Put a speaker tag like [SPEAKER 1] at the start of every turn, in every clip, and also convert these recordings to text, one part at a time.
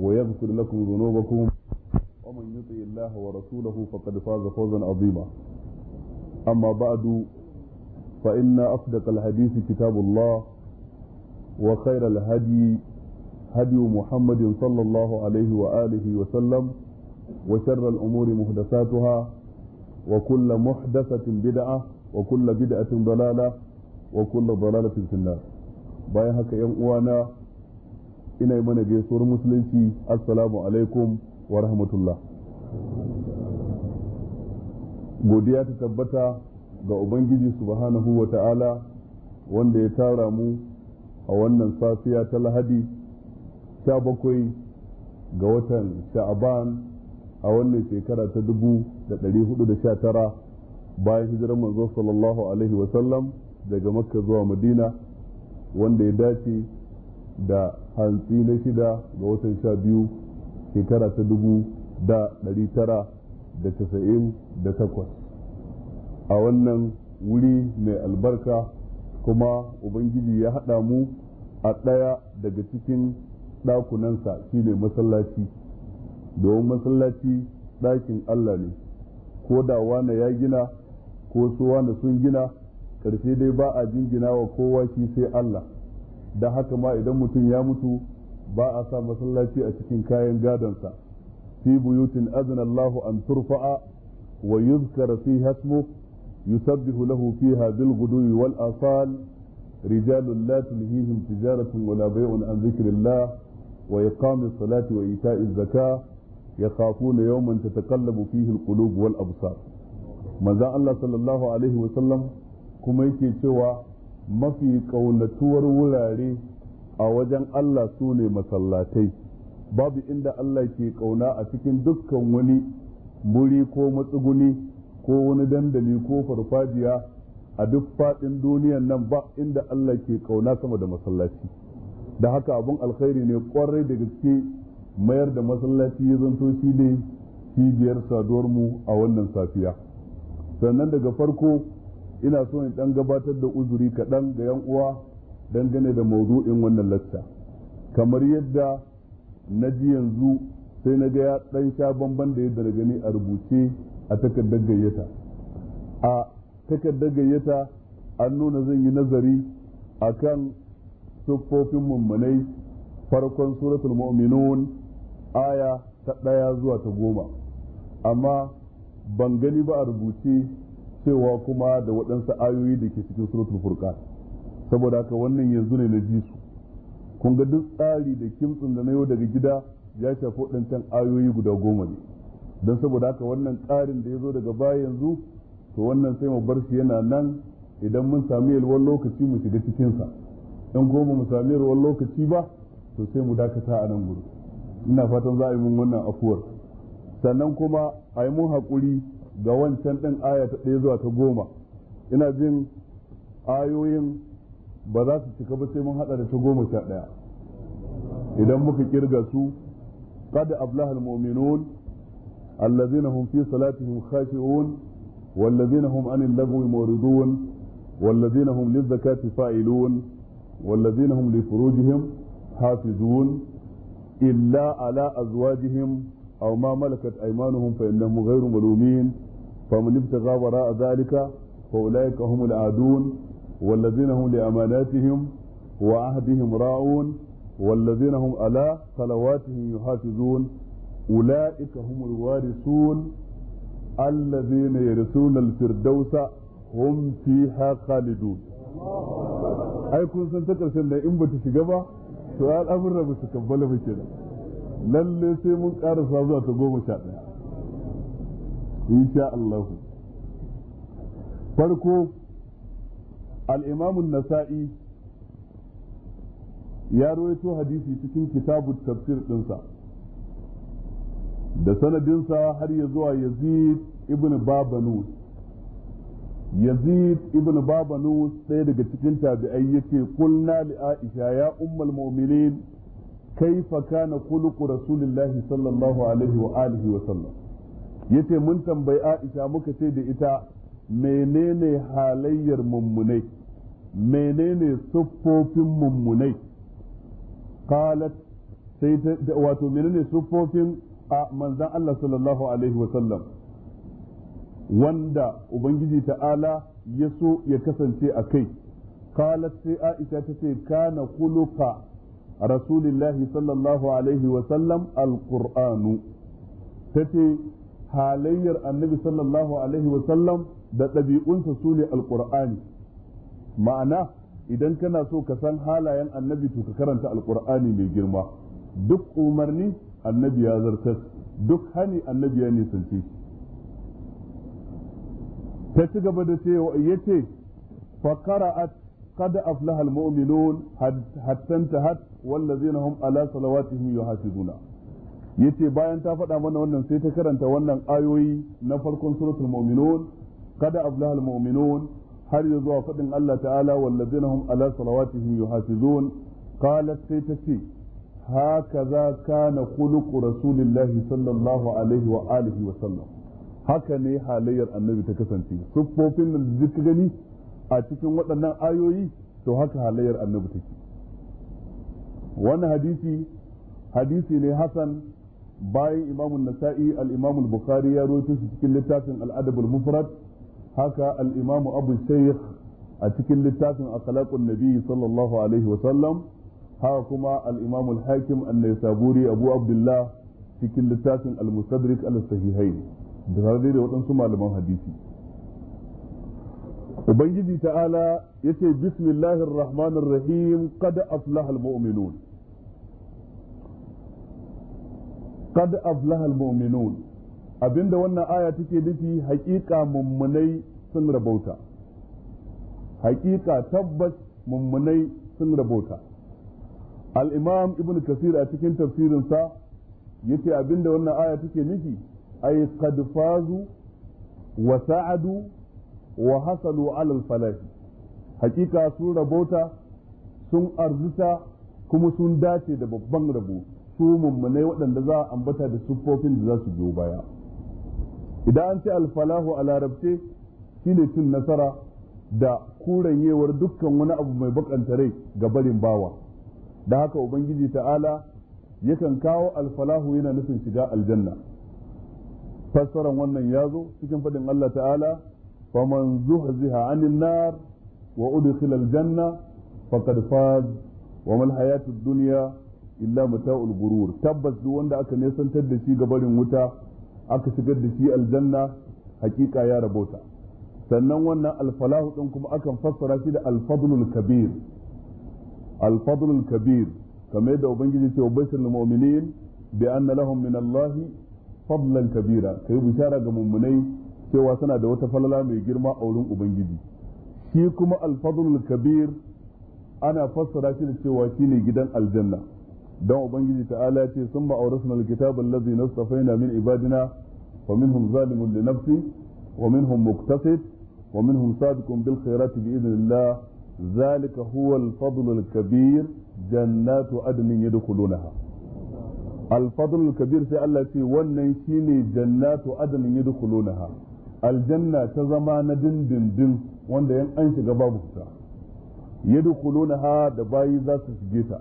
[SPEAKER 1] ويغفر لكم ذنوبكم ومن يطع الله ورسوله فقد فاز فوزا عظيما أما بعد فإن أصدق الحديث كتاب الله وخير الهدي هدي محمد صلى الله عليه وآله وسلم وشر الأمور محدثاتها وكل محدثة بدعة وكل بدعة ضلالة وكل ضلالة في النار باي هكا يوم ina yi mana gaisuwar musulunci assalamu alaikum wa rahmatullah godiya ta tabbata ga ubangiji subhanahu wa ta'ala wanda ya tara mu a wannan safiya ta lahadi sha bakwai ga watan sha'aban a wannan shekara ta dubu da ɗari hudu da sha tara bayan hijirar manzo sallallahu alaihi wasallam daga makka zuwa madina wanda ya dace da hantsi na shida ga watan sha biyu shekara ta dubu da ɗari tara da casa'in da takwas a wannan wuri mai albarka kuma ubangiji ya haɗa mu a ɗaya daga cikin ɗakunansa shine masallaci domin masallaci ɗakin Allah ne ko da wane ya gina ko su wane sun gina ƙarshe dai ba a jingina wa kowa shi sai Allah da haka ma idan mutum ya mutu ba a sa masallaci a cikin kayan gadonsa fi buyutin azna Allahu an turfa'a wa yuzkara fi hasmu yusabbihu lahu fiha bil ghudwi wal asal rijalun la tulhihim tijaratun wala bay'un an dhikrillah wa iqamis salati wa ita'iz zakah yakhafuna yawman tataqallabu fihi al qulub wal absar manzo Allah sallallahu alaihi wa sallam kuma yake cewa mafi ƙaunatuwar wurare a wajen Allah su ne masallatai babu inda Allah ke ƙauna a cikin dukkan wani muri ko matsuguni ko wani dandali ko farfajiya a duk faɗin duniyan nan ba inda Allah ke ƙauna sama da masallaci da haka abin alkhairi ne ƙwarai da gaske mayar da masallaci ya zanto shi ne cibiyar saduwar mu a wannan safiya sannan daga farko ina so in dan gabatar da uzuri kaɗan ga yan uwa dangane da maudu'in wannan lacca kamar yadda na ji yanzu sai na ga ya dan sha bamban da yadda na gani a rubuce a takardar gayyata a takardar gayyata an nuna zan yi nazari a kan siffofin mummunai farkon suratul mu'minun aya ta ɗaya zuwa ta goma amma ban gani ba a rubuce cewa kuma da waɗansu ayoyi da ke cikin suratul furqan saboda haka wannan yanzu ne na ji su kun ga duk tsari da kimtsin da na yau daga gida ya shafi waɗancan ayoyi guda goma ne don saboda haka wannan tsarin da ya zo daga baya yanzu to wannan sai mu bar shi yana nan idan mun sami yalwar lokaci mu shiga cikinsa in goma mu sami yalwar lokaci ba to sai mu dakata a nan gudu ina fatan za a yi mun wannan afuwar sannan kuma a yi mun haƙuri ga wancan ɗin aya ta ɗaya zuwa ta goma ina jin ayoyin ba za su cika ba sai mun haɗa da ta goma sha ɗaya idan muka kirga su qad aflaha almu'minun allazina hum fi salatihim khashi'un wallazina hum anil lagwi muridun wallazina hum lizakati fa'ilun wallazina hum li furujihim hafizun illa ala azwajihim aw ma malakat aymanuhum fa innahum ghayru malumin فمن ابتغى وراء ذلك فأولئك هم العادون والذين هم لأماناتهم وعهدهم راعون والذين هم على صلواتهم يحافظون أولئك هم الوارثون الذين يرثون الفردوس هم فيها خالدون ai kun san ta karshen da in ba ta shiga ba to al'amuran ba su kabbala ba kenan lalle sai mun karasa zuwa ta goma sha ɗaya insha Allah farko al-Imam nasai ya rawaito hadisi cikin kitabu tafsir ɗinsa da sanadinsa har ya zuwa Yazid ibn Babanus Yazid ibn Babanus ɗaya daga cikin tabi'ai yace kulna li Aisha ya ummul mu'minin kaifa kana khuluqu rasulillahi sallallahu alaihi wa alihi wa sallam yace mun tambayi Aisha muka ce da ita menene halayyar mummunai menene siffofin mummunai qalat sai wato menene siffofin a manzan Allah sallallahu alaihi wa sallam wanda ubangiji ta'ala ya so ya kasance a kai qalat sai Aisha ta ce kana khuluqa rasulillahi sallallahu alaihi wa sallam alqur'anu tace halayyar annabi sallallahu alaihi wa sallam da ɗabi'unsa su ne alƙur'ani ma'ana idan kana so ka san halayen annabi to ka karanta alƙur'ani mai girma duk umarni annabi ya zartas duk hani annabi ya nisanci ta ci gaba da cewa ya ce faƙara'at kada aflaha almu'minun hatta tahat wallazina hum ala salawatihim yuhafizuna yace bayan ta faɗa mana wannan sai ta karanta wannan ayoyi na farkon suratul mu'minun kada aflahal mu'minun har ya zuwa faɗin Allah ta'ala wallazina hum ala salawatihim yuhafizun qalat sai ta ce hakaza kana khuluqu rasulillahi sallallahu alaihi wa alihi wa sallam haka ne halayyar annabi ta kasance siffofin da duk gani a cikin waɗannan ayoyi to haka halayyar annabi take wannan hadisi hadisi ne hasan bayan imamun nasa'i al-imamu bukhari ya rawaito cikin littafin al-adab mufrad haka alimamu abu shaykh a cikin littafin akhlaqun nabi sallallahu alaihi wa sallam haka kuma al-imamu al-hakim an-naisaburi abu abdullah cikin littafin al-mustadrik al-sahihain da tare da waɗansu malaman hadisi ubangiji ta'ala ya bismillahir rahmanir rahim qad aflaha al-mu'minun kad aflahal mu'minun abinda wannan aya take nufi hakika mummunai sun rabauta hakika tabbas mummunai sun rabauta al-imam ibnu kasir a cikin sa yace abinda wannan aya take nufi ay qad fazu wa sa'adu wa hasalu ala al-falah hakika sun rabauta sun arzuta kuma sun dace da babban rabo su mummunai waɗanda za a ambata da siffofin da za su biyo baya idan an ce alfalahu a larabce shine cin nasara da kuranyewar dukkan wani abu mai bakanta rai ga barin bawa da haka ubangiji ta'ala yakan kawo alfalahu yana nufin shiga aljanna fassaran wannan ya zo cikin faɗin Allah ta'ala faman zuhziha anin nar wa udkhila aljanna faqad faz wa mal hayatud dunya illa mata'ul gurur tabbas duk wanda aka nesantar da shi ga barin wuta aka shigar da shi aljanna hakika ya rabota sannan wannan alfalahu din kuma akan fassara shi da alfadlul kabir alfadlul kabir kamar yadda ubangiji ce wa bashir mu'minin bi anna lahum min allahi fadlan kabira kai bishara ga mummunai cewa suna da wata falala mai girma a wurin ubangiji shi kuma alfadlul kabir ana fassara shi da cewa shine gidan aljanna don ubangiji ta'ala ce sun ma'aurisna alkitab na nastafaina min ibadina wa minhum zalimun li nafsi wa minhum muqtasid wa minhum sabiqun bil khairati bi idnillah zalika huwa al-fadl al-kabir jannatu adnin yadkhulunaha al-fadl al-kabir sai Allah ce wannan shine jannatu adnin yadkhulunaha aljanna ta zama na dindindin wanda yan an shiga babu fita yadkhulunaha da bayi za su shige ta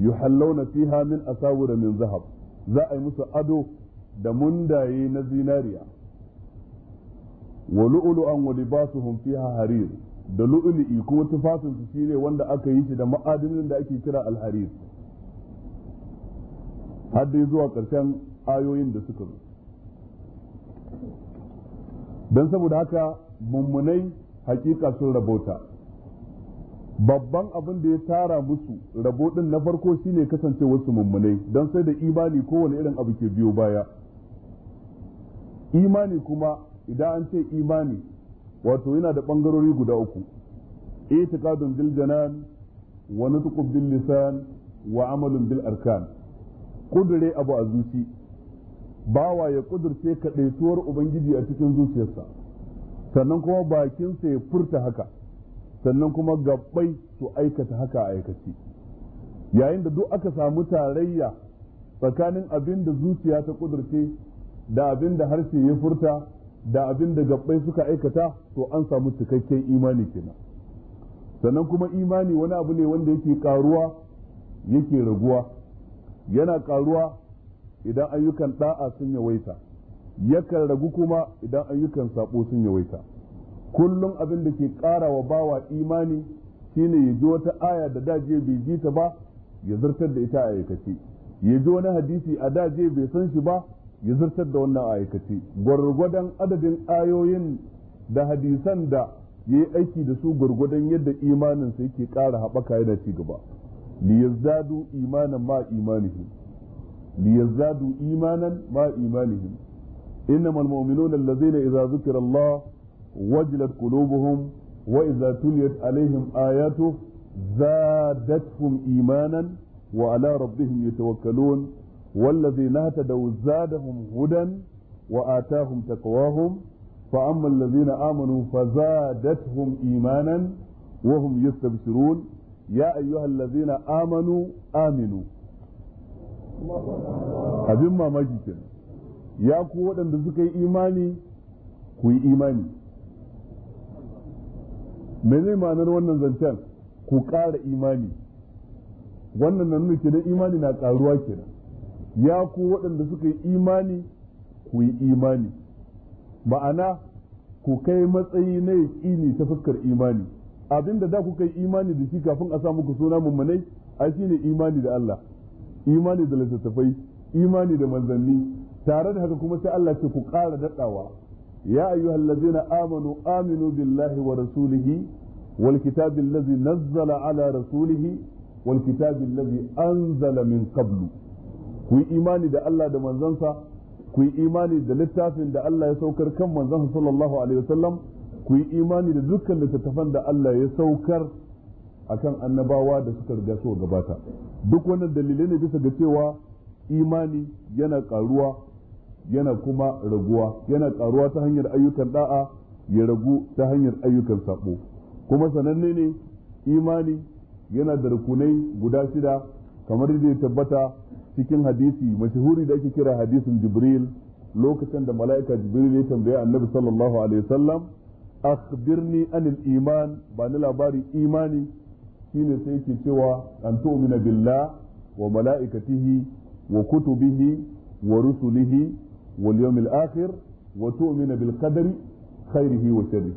[SPEAKER 1] yuhallawna fiha min asawira min zahab za a yi musu ado da mundaye na zinariya wa lu'lu'an wa libasuhum fiha harir da lu'lu'i kuma tufafin su shine wanda aka yi shi da ma'adinin da ake kira al-harir har dai zuwa ƙarshen ayoyin da suka zo don saboda haka mummunai haƙiƙa sun rabota babban abin da ya tara musu rabo din na farko shine kasance wasu mummunai don sai da imani kowane irin abu ke biyo baya imani kuma idan an ce imani wato yana da bangarori guda uku itiqadun bil janan wa nutqun bil lisan wa amalun bil arkan kudure abu a zuci bawa ya kudurce kadaituwar ubangiji a cikin zuciyarsa sannan kuma bakinsa ya furta haka sannan kuma gabbai su aikata haka a aikace yayin da duk aka samu tarayya tsakanin abin da zuciya ta kudurce da abin da harshe ya furta da abin da gabbai suka aikata to an samu cikakken imani kenan sannan kuma imani wani abu ne wanda yake karuwa yake raguwa yana karuwa idan ayyukan da'a sun yawaita yakan ragu kuma idan ayyukan sabo sun yawaita kullum abin da ke ƙara wa bawa imani shine ya ji wata aya da daje bai ji ta ba ya zartar da ita a aikace ya ji wani hadisi a daje bai san shi ba ya zartar da wannan aikace gwargwadon adadin ayoyin da hadisan da ya yi aiki da su gwargwadon yadda imaninsa yake ƙara haɓaka yana ci gaba liyazdadu imanan ma imanihim liyazdadu imanan ma imanihim wajilat qulubuhum wa idza tuliyat alaihim ayatu zadatuhum imanan wa ala rabbihim yatawakkalun والذين اهتدوا زادهم هدى وآتاهم تقواهم فأما الذين آمنوا فزادتهم إيمانا وهم يستبشرون يا أيها الذين آمنوا آمنوا abin mamaki kenan ya ku waɗanda suka yi imani ku yi imani mene ma'anar wannan zancen ku ƙara imani wannan nan ke da imani na ƙaruwa kenan ya ku waɗanda suka yi imani ku yi imani ma'ana ku kai matsayi na yaƙini ta fuskar imani abinda da kuka yi imani da shi kafin a sa muku suna mummunai ai ne imani da Allah imani da littattafai imani da manzanni tare da haka kuma sai Allah ce ku ƙara daɗawa يا أيها الذين آمنوا آمنوا بالله ورسوله والكتاب الذي نزل على رسوله والكتاب الذي أنزل من قبل كوي إيماني دا الله دا منزنسا كوي إيماني دا لتافن دا الله يسوكر كم منزنسا صلى الله عليه وسلم كوي إيماني دا ذكر لتتفن دا الله يسوكر akan annabawa da suka riga so gabata duk wannan dalilai ne bisa ga cewa imani yana karuwa yana kuma raguwa yana karuwa ta hanyar ayyukan da'a ya ragu ta hanyar ayyukan sabo kuma sananne ne imani yana da rukunai guda shida kamar da ya tabbata cikin hadisi mashahuri da ake kira hadisin jibril lokacin da mala'ika jibril ya tambaya annabi sallallahu alaihi wasallam akhbirni anil iman ba ni labari imani shine sai yake cewa an tu'mina billah wa mala'ikatihi wa kutubihi wa rusulihi wal yawmil akhir wa tu'minu bil qadari khairihi wa sharrihi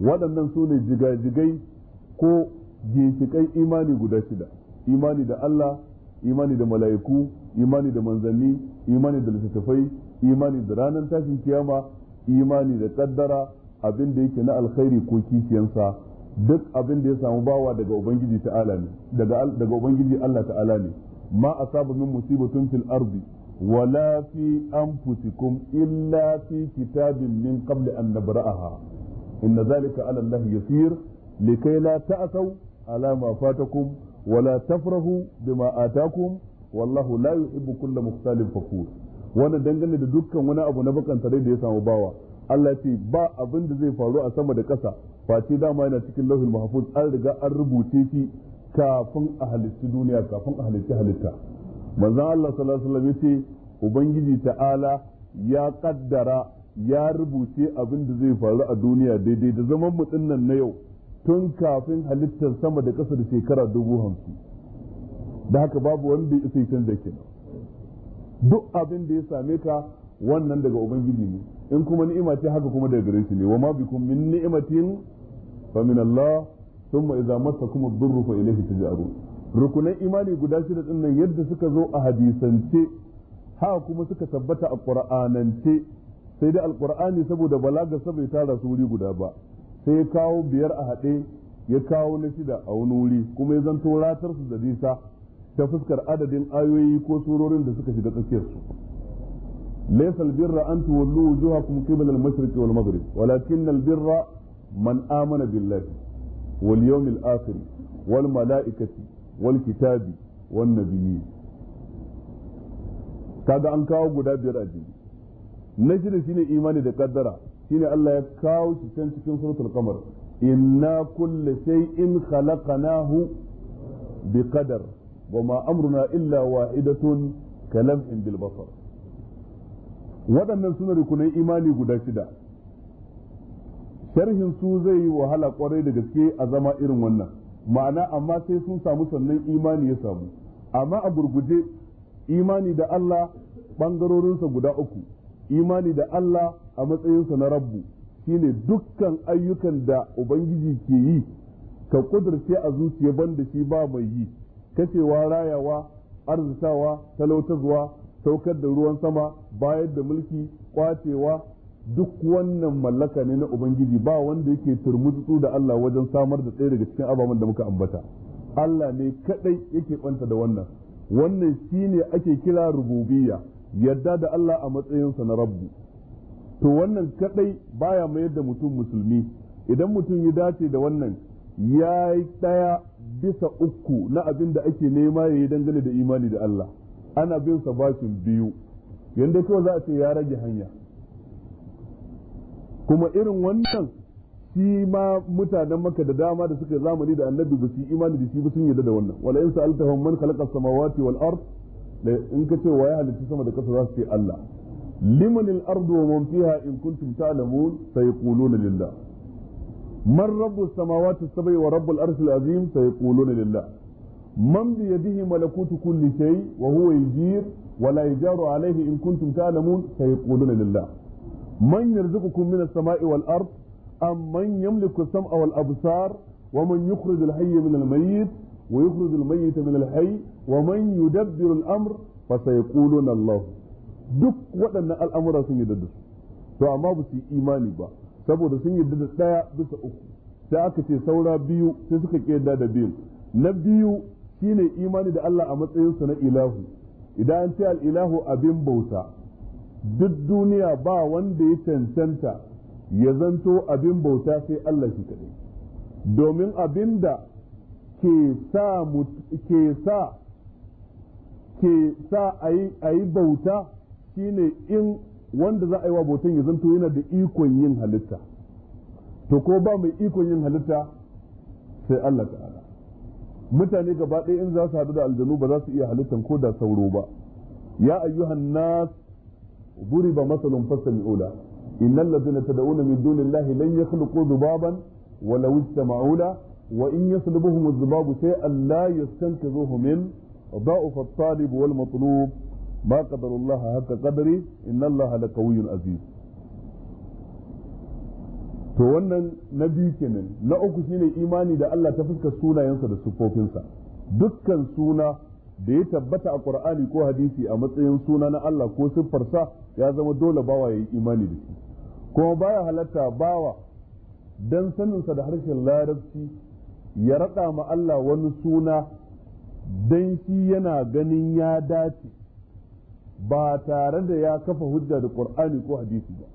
[SPEAKER 1] waɗannan sune jigajigai ko jinsikai imani guda shida imani da Allah imani da mala'iku imani da manzanni imani da littattafai imani da ranar tashin kiyama imani da kaddara abin da yake na alkhairi ko kishiyansa duk abin da ya samu bawa daga ubangiji ta'ala ne daga daga ubangiji Allah ta'ala ne ma asaba min musibatun fil ardi wala fi anfusikum illa fi kitabin min qabli an nabra'aha inna zalika ala Allah yasir likai la ta'thaw ala ma fatakum wala tafrahu bima atakum wallahu la yuhibbu kulla mukhtalin fakur wannan dangane da dukkan wani abu na bakan tare da ya samu bawa Allah ce ba abin da zai faru a sama da ƙasa face dama yana cikin lauhin mahfuz an riga an rubuce shi kafin a halicci duniya kafin a halitta halitta manzo Allah sallallahu alaihi wasallam yace ubangiji ta'ala ya kaddara ya rubuce abin da zai faru a duniya daidai da zaman mu dinnan na yau tun kafin halittar sama da kasa da shekara dubu hamsin da haka babu wanda ya da kenan duk abin da ya same ka wannan daga ubangiji ne in kuma ni'ima ce haka kuma daga gare shi ne wa ma bikum min ni'matin fa min Allah thumma idza massakum ad-durru fa ilayhi tuj'arun rukunan imani guda shida din nan yadda suka zo a hadisance ha kuma suka tabbata a qur'anance sai dai alqur'ani saboda balaga bai tara su wuri guda ba sai ya kawo biyar a haɗe ya kawo na shida a wani wuri kuma ya zanto ratar su da nisa ta fuskar adadin ayoyi ko surorin da suka shiga tsakiyar su laysa albirra an tuwallu wujuhakum qibla al-mashriq wal maghrib walakin albirra man amana billahi wal yawmil akhir wal mala'ikati wal kitabi kaga an kawo guda biyar a jini na shida shine imani da kaddara shine Allah ya kawo shi can cikin suratul qamar inna kulli shay'in khalaqnahu bi qadar wama amruna illa wahidatun kalamhin bil basar waɗannan suna rukunai imani guda shida sharhin su zai yi wahala kwarai da gaske a zama irin wannan ma'ana amma sai sun samu sannan imani ya samu amma a gurguje imani da Allah bangarorinsa guda uku imani da Allah a matsayinsa na rabbu shine dukkan ayyukan da ubangiji ke yi ka kudurce a zuciya da shi ba mai yi kashewa rayawa arzikawa talautarwa saukar da ruwan sama bayar da mulki kwacewa duk wannan mallaka ne na ubangiji ba wanda yake turmutsu da Allah wajen samar da tsaye daga cikin ababen da muka ambata Allah ne kadai yake kwanta da wannan wannan shine ake kira rububiyya yadda da Allah a matsayinsa na rabbi to wannan kadai baya mayar da mutum musulmi idan mutum ya dace da wannan ya yi ɗaya bisa uku na abin da ake nema ya yi dangane da imani da Allah ana bin sa bashin biyu yanda kawai za a ce ya rage hanya kuma irin wannan shi ma mutanen maka da dama da suka zamani da annabi ba su imani da shi ba sun yarda da wannan wala in sa'altahum man khalaqa samawati wal ard in ka ce wa halitta sama da kasa za su ce Allah liman al ardu wa man fiha in kuntum ta'lamun sayquluna lillah man rabbu samawati sab'i wa rabbul arshi al azim sayquluna lillah man bi yadihi malakutu kulli shay wa huwa yajir wa la yajaru alayhi in kuntum ta'lamun sayquluna lillah man yarzuqukum minas sama'i wal ard am man yamliku as-sam'a wal absar wa man yukhrij al-hayya min al wa yukhrij al min al-hayy wa man yudabbiru al-amr fa sayaquluna duk waɗannan al'amura sun yarda da to amma ba su imani ba saboda sun yarda da daya bisa uku sai aka ce saura biyu sai suka ƙi yarda da biyu na biyu shine imani da Allah a matsayinsu na ilahu idan an ce al-ilahu abin bauta duk duniya ba wanda ya cancanta ya zanto abin bauta sai Allah shi kaɗai domin abin da ke sa ke sa a yi bauta shine in wanda za a yi wa bautan ya zanto yana da ikon yin halitta to ko ba mai ikon yin halitta sai Allah ta'ala mutane gaba ɗaya in za su haɗu da aljanu ba za su iya halittan ko da sauro ba ya ayyuhan nas ضرب مثل فاستمعوا له إن الذين تدعون من دون الله لن يخلقوا ذبابا ولو اجتمعوا له وإن يسلبهم الذباب شيئا لا يستنقذوه منه ضعف الطالب والمطلوب ما قدر الله حق قدره إن الله لقوي عزيز to wannan na biyu kenan na uku shine imani da Allah ta fuskar sunayensa da sufofinsa dukkan suna da ya tabbata a qur'ani ko hadisi a matsayin suna na Allah ko siffarsa ya zama dole bawa ya yi imani da shi kuma baya halatta bawa dan saninsa da harshen larabci ya raɗa ma Allah wani suna dan shi yana ganin ya dace ba tare da ya kafa hujja da qur'ani ko hadisi ba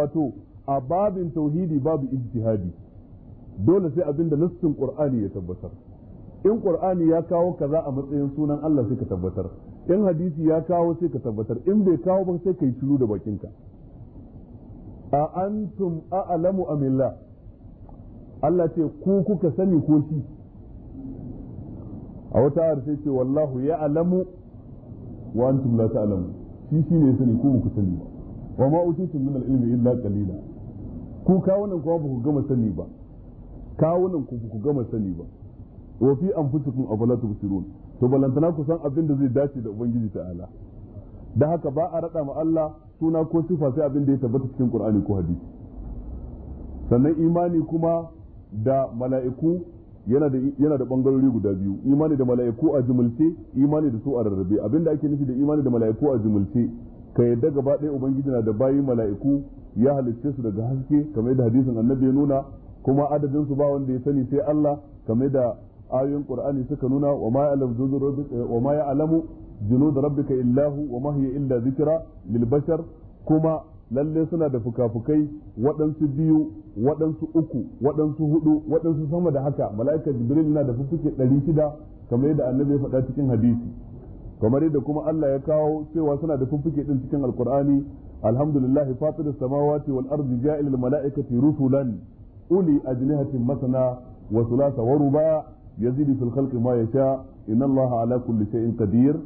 [SPEAKER 1] wato a babin tauhidi babu ijtihadi dole sai abinda da nassin qur'ani ya tabbatar in qur'ani ya kawo kaza a matsayin sunan Allah sai ka tabbatar in hadisi ya kawo sai ka tabbatar in bai kawo ba sai ka yi shiru da bakinka a antum a'lamu amillah Allah ce ku kuka sani ko shi a wata ayar sai ce wallahu ya'lamu wa antum la ta'lamu shi shine sani ku ku sani ba wa ma utitum min al-ilmi illa qalila ku kawunan ku ba ku gama sani ba kawunan ku ku gama sani ba wa fi anfusikum afala tubsirun to balantana ku san abin da zai dace da ubangiji ta'ala da haka ba a rada ma Allah suna ko sifa sai abin da ya tabbata cikin Qur'ani ko hadisi sannan imani kuma da mala'iku yana da yana da bangarori guda biyu imani da mala'iku a jumulce imani da su a rarrabe abin da ake nufi da imani da mala'iku a jumulce ka yadda gaba ɗaya ubangiji na da bayi mala'iku ya halicce su daga haske kamar da hadisin annabi ya nuna kuma adadin su ba wanda ya sani sai Allah kamar da ayoyin qur'ani suka nuna wa ma ya'lamu junud rabbika wa ma ya'lamu junud rabbika illa wa ma hiya illa zikra lil bashar kuma lalle suna da fukafukai waɗansu biyu waɗansu uku waɗansu hudu waɗansu sama da haka mala'ika jibril na da fukuke ɗari shida kamar yadda annabi ya faɗa cikin hadisi kamar yadda kuma Allah ya kawo cewa suna da fukuke ɗin cikin alkur'ani alhamdulillah fatir samawati wal ardi ja'il al mala'ikati rusulan uli ajnihatin masana wa thulatha wa ruba yazidu fil khalqi ma yasha inna allaha ala kulli shay'in qadir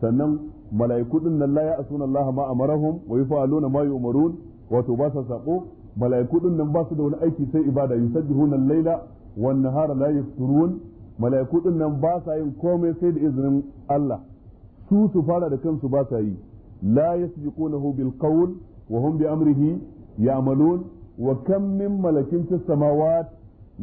[SPEAKER 1] sannan mala'iku din nan la ya'suna allaha ma amarahum wa yaf'aluna ma yu'marun wato basa sa sako mala'iku nan ba su da wani aiki sai ibada yusajjihuna al-laila wan nahara la yafturun mala'iku nan ba sa yin komai sai da izinin Allah su su fara da kansu ba sa yi la yasbiqunahu bil qawl wa hum bi amrihi ya'malun wa kam min malakin fis samawati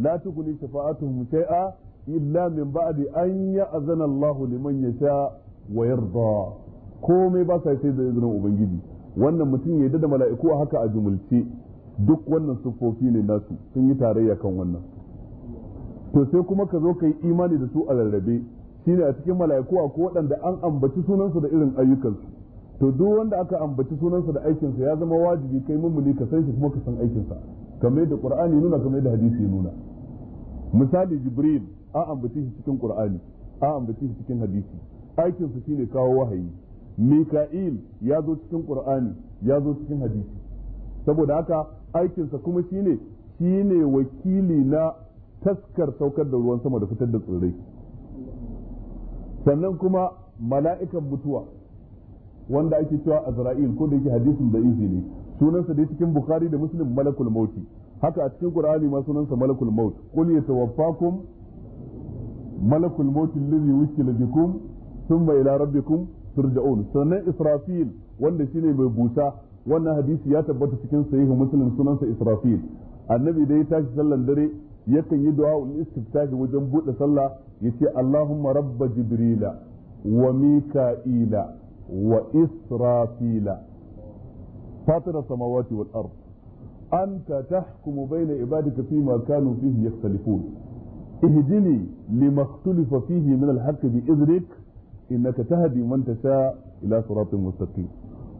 [SPEAKER 1] la tughni shafa'atuhum shay'a illa min ba'di an ya'zana Allahu liman yasha wa yarda komai ba sai sai da izinin ubangiji wannan mutum ya da mala'iku a haka a jumulce duk wannan siffofi ne nasu sun yi tarayya kan wannan to sai kuma ka zo ka yi imani da su a rarrabe shine a cikin mala'iku ko waɗanda an ambaci sunansu da irin ayyukansu to duk wanda aka ambaci sunansa da aikinsa ya zama wajibi kai mummuni ka san shi kuma ka san aikinsa kamar da qur'ani nuna kamar da hadisi nuna misali jibril a ambace shi cikin qur'ani a ambace shi cikin hadisi aikin su shine kawo wahayi mika'il ya zo cikin qur'ani ya zo cikin hadisi saboda haka aikin sa kuma shine shine wakili na taskar saukar da ruwan sama da fitar da tsirrai sannan kuma mala'ikan mutuwa wanda ake cewa azra'il ko da yake hadisin da ne sunansa dai cikin bukhari da muslim malakul mauti haka a cikin qur'ani ma sunansa malakul maut qul yatawaffakum malakul mauti allazi wukila bikum thumma ila rabbikum turja'un sannan israfil wanda shine mai busa wannan hadisi ya tabbata cikin sahihu muslim sunansa israfil annabi da ya tashi sallan dare yakan yi du'a ul istiftahi wajen bude sallah yace allahumma rabba jibrila wa mika'ila wa israfila fatira samawati wal ard anta tahkumu bayna ibadika fima kanu fihi yakhtalifun اهدني لما اختلف فيه من الحق بإذنك إنك تهدي من تشاء إلى صراط مستقيم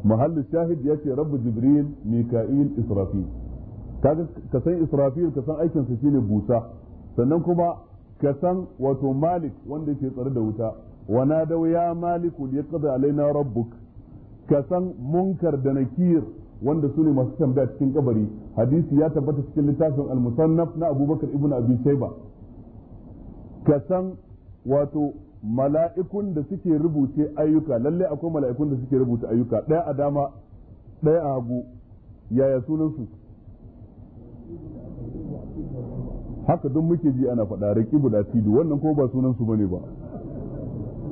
[SPEAKER 1] محل الشاهد يأتي رب جبريل ميكائيل إسرافيل ka san Israfil ka san aikinsa shine busa sannan kuma kasan wato Malik wanda yake tsare da wuta wa nadaw ya maliku liqdi alaina rabbuk kasan munkar da nakir wanda su ne masu tambaya cikin kabari hadisi ya tabbata cikin littafin al na abubakar ibn abi ka san wato mala'ikun da suke rubuce ayyuka lalle akwai mala'ikun da suke rubuta ayyuka ɗaya a dama ɗaya a hagu yaya sunansu haka don muke ji ana faɗa raƙi da tidu wannan ko ba sunansu ba ne ba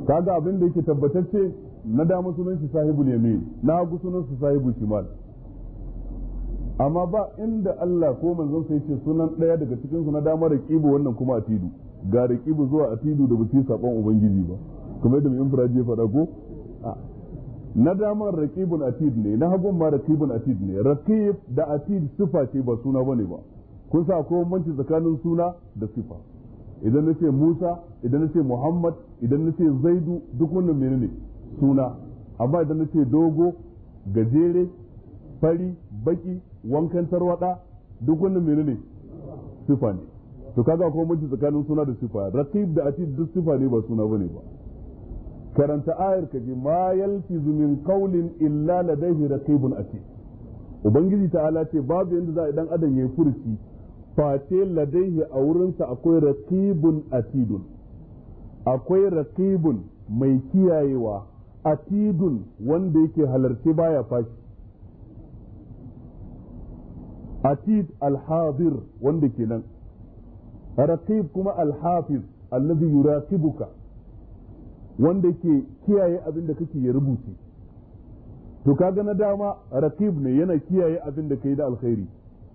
[SPEAKER 1] kaga abin da yake tabbatacce na dama sunansu sahibul yamin na hagu sunansu sahibu shimal amma ba inda Allah ko manzon sai ce sunan ɗaya daga cikin su na dama da kibo wannan kuma atidu ga da kibo zuwa atidu da bace sakon ubangiji ba kuma yadda mai infiraji ya faɗa ko na damar raqibun atid ne na hagun ma raqibun atid ne raqib da atid sifa ce ba suna bane ba kun sa akwai bambanci tsakanin suna da sifa idan nace Musa idan nace Muhammad idan nace Zaidu duk wannan menene suna amma idan nace dogo gajere fari baki wankan tarwaɗa duk wannan ne sifa ne to kaga akwai mutunci tsakanin suna da sifa rakib da atid duk sifa ne ba suna bane ba karanta ayar ka ji ma yalfizu zumin qaulin illa ladayhi raqibun atid ubangiji ta'ala ce babu yanda za a dan adam yayi furci face ladaihi a wurinsa akwai raqibun atidun akwai raqibun mai kiyayewa atidun wanda yake halarci baya fashi atid alhadir wanda ke nan raqib kuma alhafiz allazi yuraqibuka wanda ke kiyaye abin da kake ya rubuce to kaga na dama raqib ne yana kiyaye abin da kai da alkhairi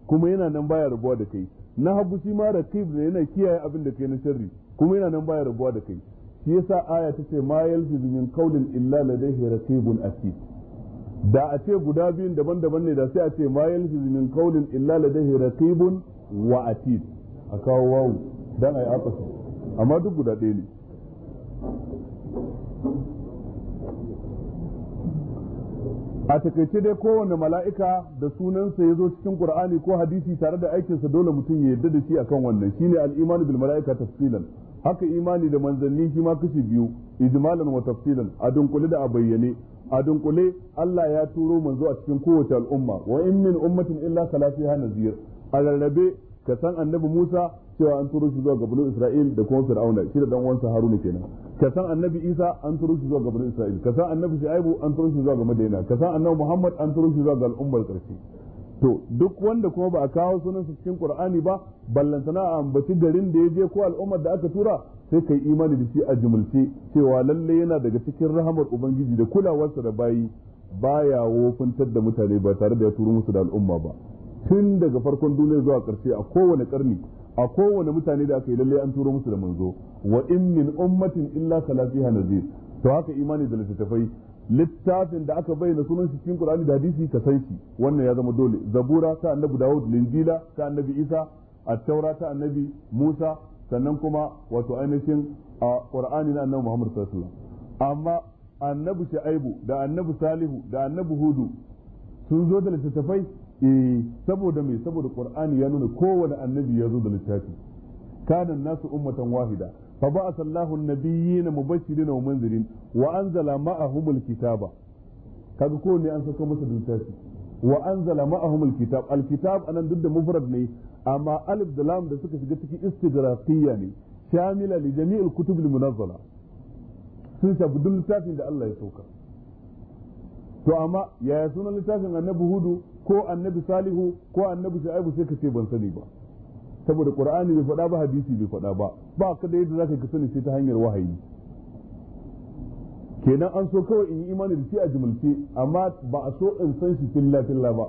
[SPEAKER 1] kuma yana nan baya rabuwa da kai na hagu shi ma raqib ne yana kiyaye abin da kai na sharri kuma yana nan baya rabuwa da kai shi yasa aya ta ce ma yalfizu min qawlin illa ladayhi raqibun atid da a ce guda biyun daban-daban ne da sai a ce ma yalfiz min qawlin illa ladayhi raqibun wa atid a kawo wawu dan ai afasa amma duk guda ɗaya ne a takaice dai kowane mala'ika da sunansa ya zo cikin qur'ani ko hadisi tare da aikinsa dole mutum ya yarda da shi akan wannan shine al-imanu bil mala'ika tafsilan haka imani da manzanni shi ma kashi biyu ijmalan wa tafsilan a dunkule da a bayyane a dunkule Allah ya turo manzo a cikin kowace al'umma wa in min ummatin illa kalafiha nazir a rarrabe ka san annabi Musa cewa an turo shi zuwa ga Isra'il da kuma Fir'auna shi da dan uwansa Haruna kenan ka san annabi Isa an turo shi zuwa ga Isra'il ka san annabi Shu'aibu an turo shi zuwa ga Madina ka san annabi Muhammad an turo shi zuwa ga al'ummar ƙarshe to duk wanda kuma ba a kawo sunansa cikin qur'ani ba ballantana a ambaci garin da ya je ko al'ummar da aka tura sai kai imani da shi a jumulce cewa lalle yana daga cikin rahamar ubangiji da kulawarsa da bayi baya wofintar da mutane ba tare da ya turo musu da al'umma ba tun daga farkon duniya zuwa ƙarshe a kowane karni a kowane mutane da aka yi lalle an turo musu da manzo wa in min ummatin illa salafiha nazir to haka imani da littattafai littafin da aka bayyana sunan shi cikin Qur'ani da hadisi ka san shi wannan ya zama dole zabura ta annabi Dawud linjila ta annabi Isa at-taura ta annabi Musa sannan kuma wato ainihin a Qur'ani na annabi Muhammad sallallahu alaihi wasallam amma annabi Shu'aibu da annabi Salihu da annabi Hudu sun zo da littattafai eh saboda me saboda Qur'ani ya nuna kowane annabi ya zo da littafi kana nasu ummatan wahida fa ba'atha Allahu an-nabiyyin mubashirin wa munzirin wa anzala ma'ahum kitaba kaga ko ne an saka masa littafi wa anzala ma'ahum al-kitab al anan duk da mufrad ne amma alif da lam da suka shiga ciki istigrafiyya ne shamila li jami'il kutub al-munazzala sun shafi duk littafin da Allah ya sauka to amma yaya sunan littafin annabi hudu ko annabi salihu ko annabi shu'aibu sai ka ce ban sani ba saboda qur'ani bai faɗa ba hadisi bai faɗa ba ba ka da yadda zaka ka sani sai ta hanyar wahayi kenan an so kawai in yi imani da shi a jumulce amma ba a so in san shi filla filla ba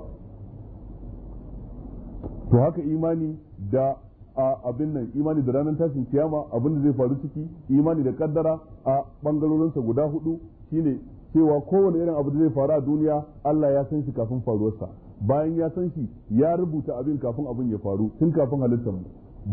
[SPEAKER 1] to haka imani da a abin nan imani da ranar tashin kiyama abin da zai faru ciki imani da kaddara a bangarorinsa guda hudu shine cewa kowane irin abu da zai faru a duniya Allah ya san shi kafin faruwarsa bayan ya san shi ya rubuta abin kafin abin ya faru tun kafin halittar mu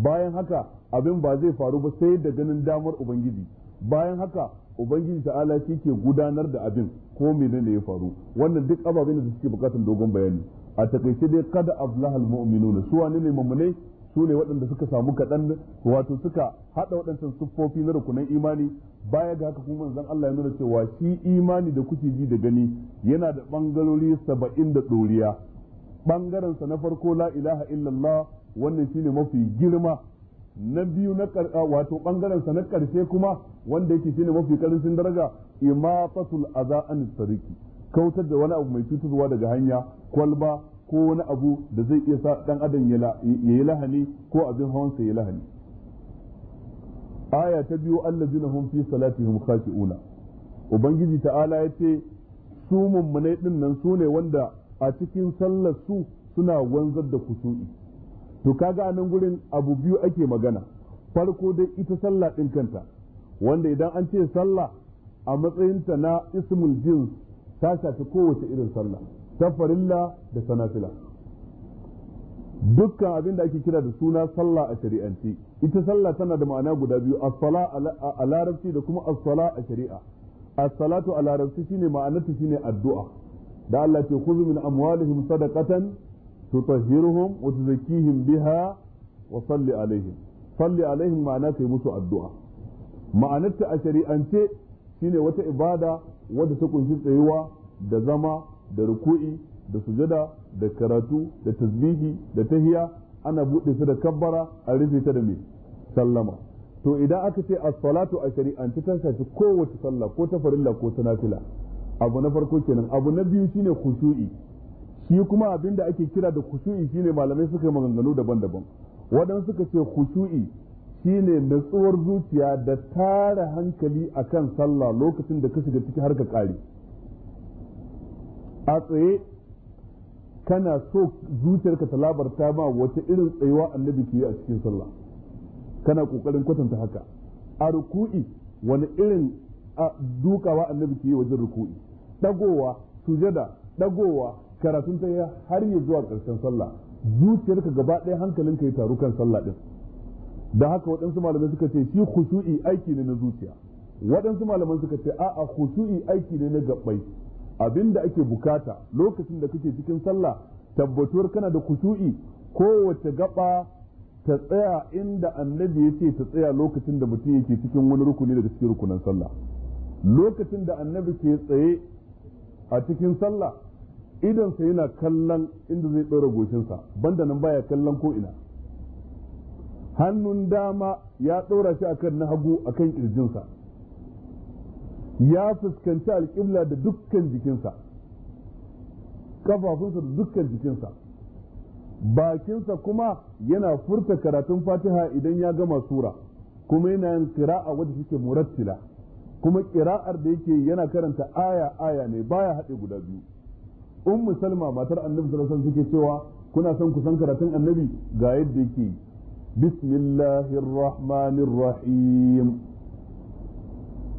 [SPEAKER 1] bayan haka abin ba zai faru ba sai da ganin damar ubangiji bayan haka ubangiji ta'ala shi ke gudanar da abin ko menene ya faru wannan duk ababen da suke bukatan dogon bayani a takaice dai kada aflahal mu'minuna su wane ne mamune su ne waɗanda suka samu kaɗan wato suka haɗa waɗancan siffofi na rukunan imani baya ga haka kuma zan Allah ya nuna cewa shi imani da kuke ji da gani yana da ɓangarori saba'in da ɗoriya bangaren na farko la ilaha illallah wannan shine mafi girma na biyu na wato bangaransa na karshe kuma wanda yake shine mafi karancin daraja imatatul aza an tariki kautar da wani abu mai cutarwa daga hanya kwalba ko wani abu da zai iya sa dan adam ya yi lahani ko abin hawan sa ya lahani aya ta biyu allazina hum fi salatihim khashi'una ubangiji ta'ala yace su mummunai dinnan su ne wanda a cikin sallar su suna wanzar da kusuri to kaga a nan gurin abu biyu ake magana farko dai ita sallah din kanta wanda idan an ce sallah a matsayin ta na ismul jins ta shafi kowace irin sallah safarilla da sanafila dukkan abin da ake kira da suna sallah a shari'anci ita sallah tana da ma'ana guda biyu as-sala a larabci da kuma as-sala a shari'a as-salatu a larabci shine ma'anarta shine addu'a da Allah ce khudh min amwalihim sadaqatan tutahhiruhum wa tuzakkihim biha wa salli alaihim salli alaihim ma'ana kai musu addu'a ma'anarta a shari'ance shine wata ibada wadda ta kunshi tsayuwa da zama da ruku'i da sujada da karatu da tasbihi da tahiya ana buɗe su da kabbara a rufe ta da mai sallama to idan aka ce as-salatu a shari'ance ta shafi kowace sallah ko ta farilla ko ta nafila abu na farko kenan abu na biyu shine khushu'i shi kuma abin da ake kira da khushu'i shine malamai suka yi maganganu daban-daban waɗansu suka ce khushu'i shine natsuwar zuciya da tara hankali akan sallah lokacin da ka shiga ciki har ka kare. a tsaye kana so zuciyarka ta labarta ma wata irin tsayuwa annabi ke yi a cikin sallah kana kokarin kwatanta haka a ruku'i wani irin dukawa annabi ke yi wajen ruku'i dagowa sujada dagowa karatun ta har ya zuwa ƙarshen sallah zuciyarka gaba ɗaya hankalinka ya taru kan sallah din da haka waɗansu malamai suka ce shi khushu'i aiki ne na zuciya waɗansu malamai suka ce a'a khushu'i aiki ne na gabbai abinda ake bukata lokacin da kake cikin sallah tabbatuwar kana da khushu'i kowace gaba ta tsaya inda annabi ya ce ta tsaya lokacin da mutum yake cikin wani rukuni daga cikin rukunan sallah lokacin da annabi ke tsaye a cikin sallah idonsa yana kallon inda zai ɗora goshinsa banda nan baya kallon ko ina hannun dama ya ɗora shi akan na hagu a kan ƙirjinsa. ya fuskanci alƙibla da dukkan jikinsa kafafunsa da dukkan jikinsa bakinsa kuma yana furta karatun fatiha idan ya gama sura kuma yana yin kira a wadda suke murattila kuma kira'ar da yake yana karanta aya aya ne baya haɗe guda biyu ummu musalma matar annabi sallallahu alaihi suke cewa kuna son ku san karatun annabi ga yadda yake bismillahir rahmanir rahim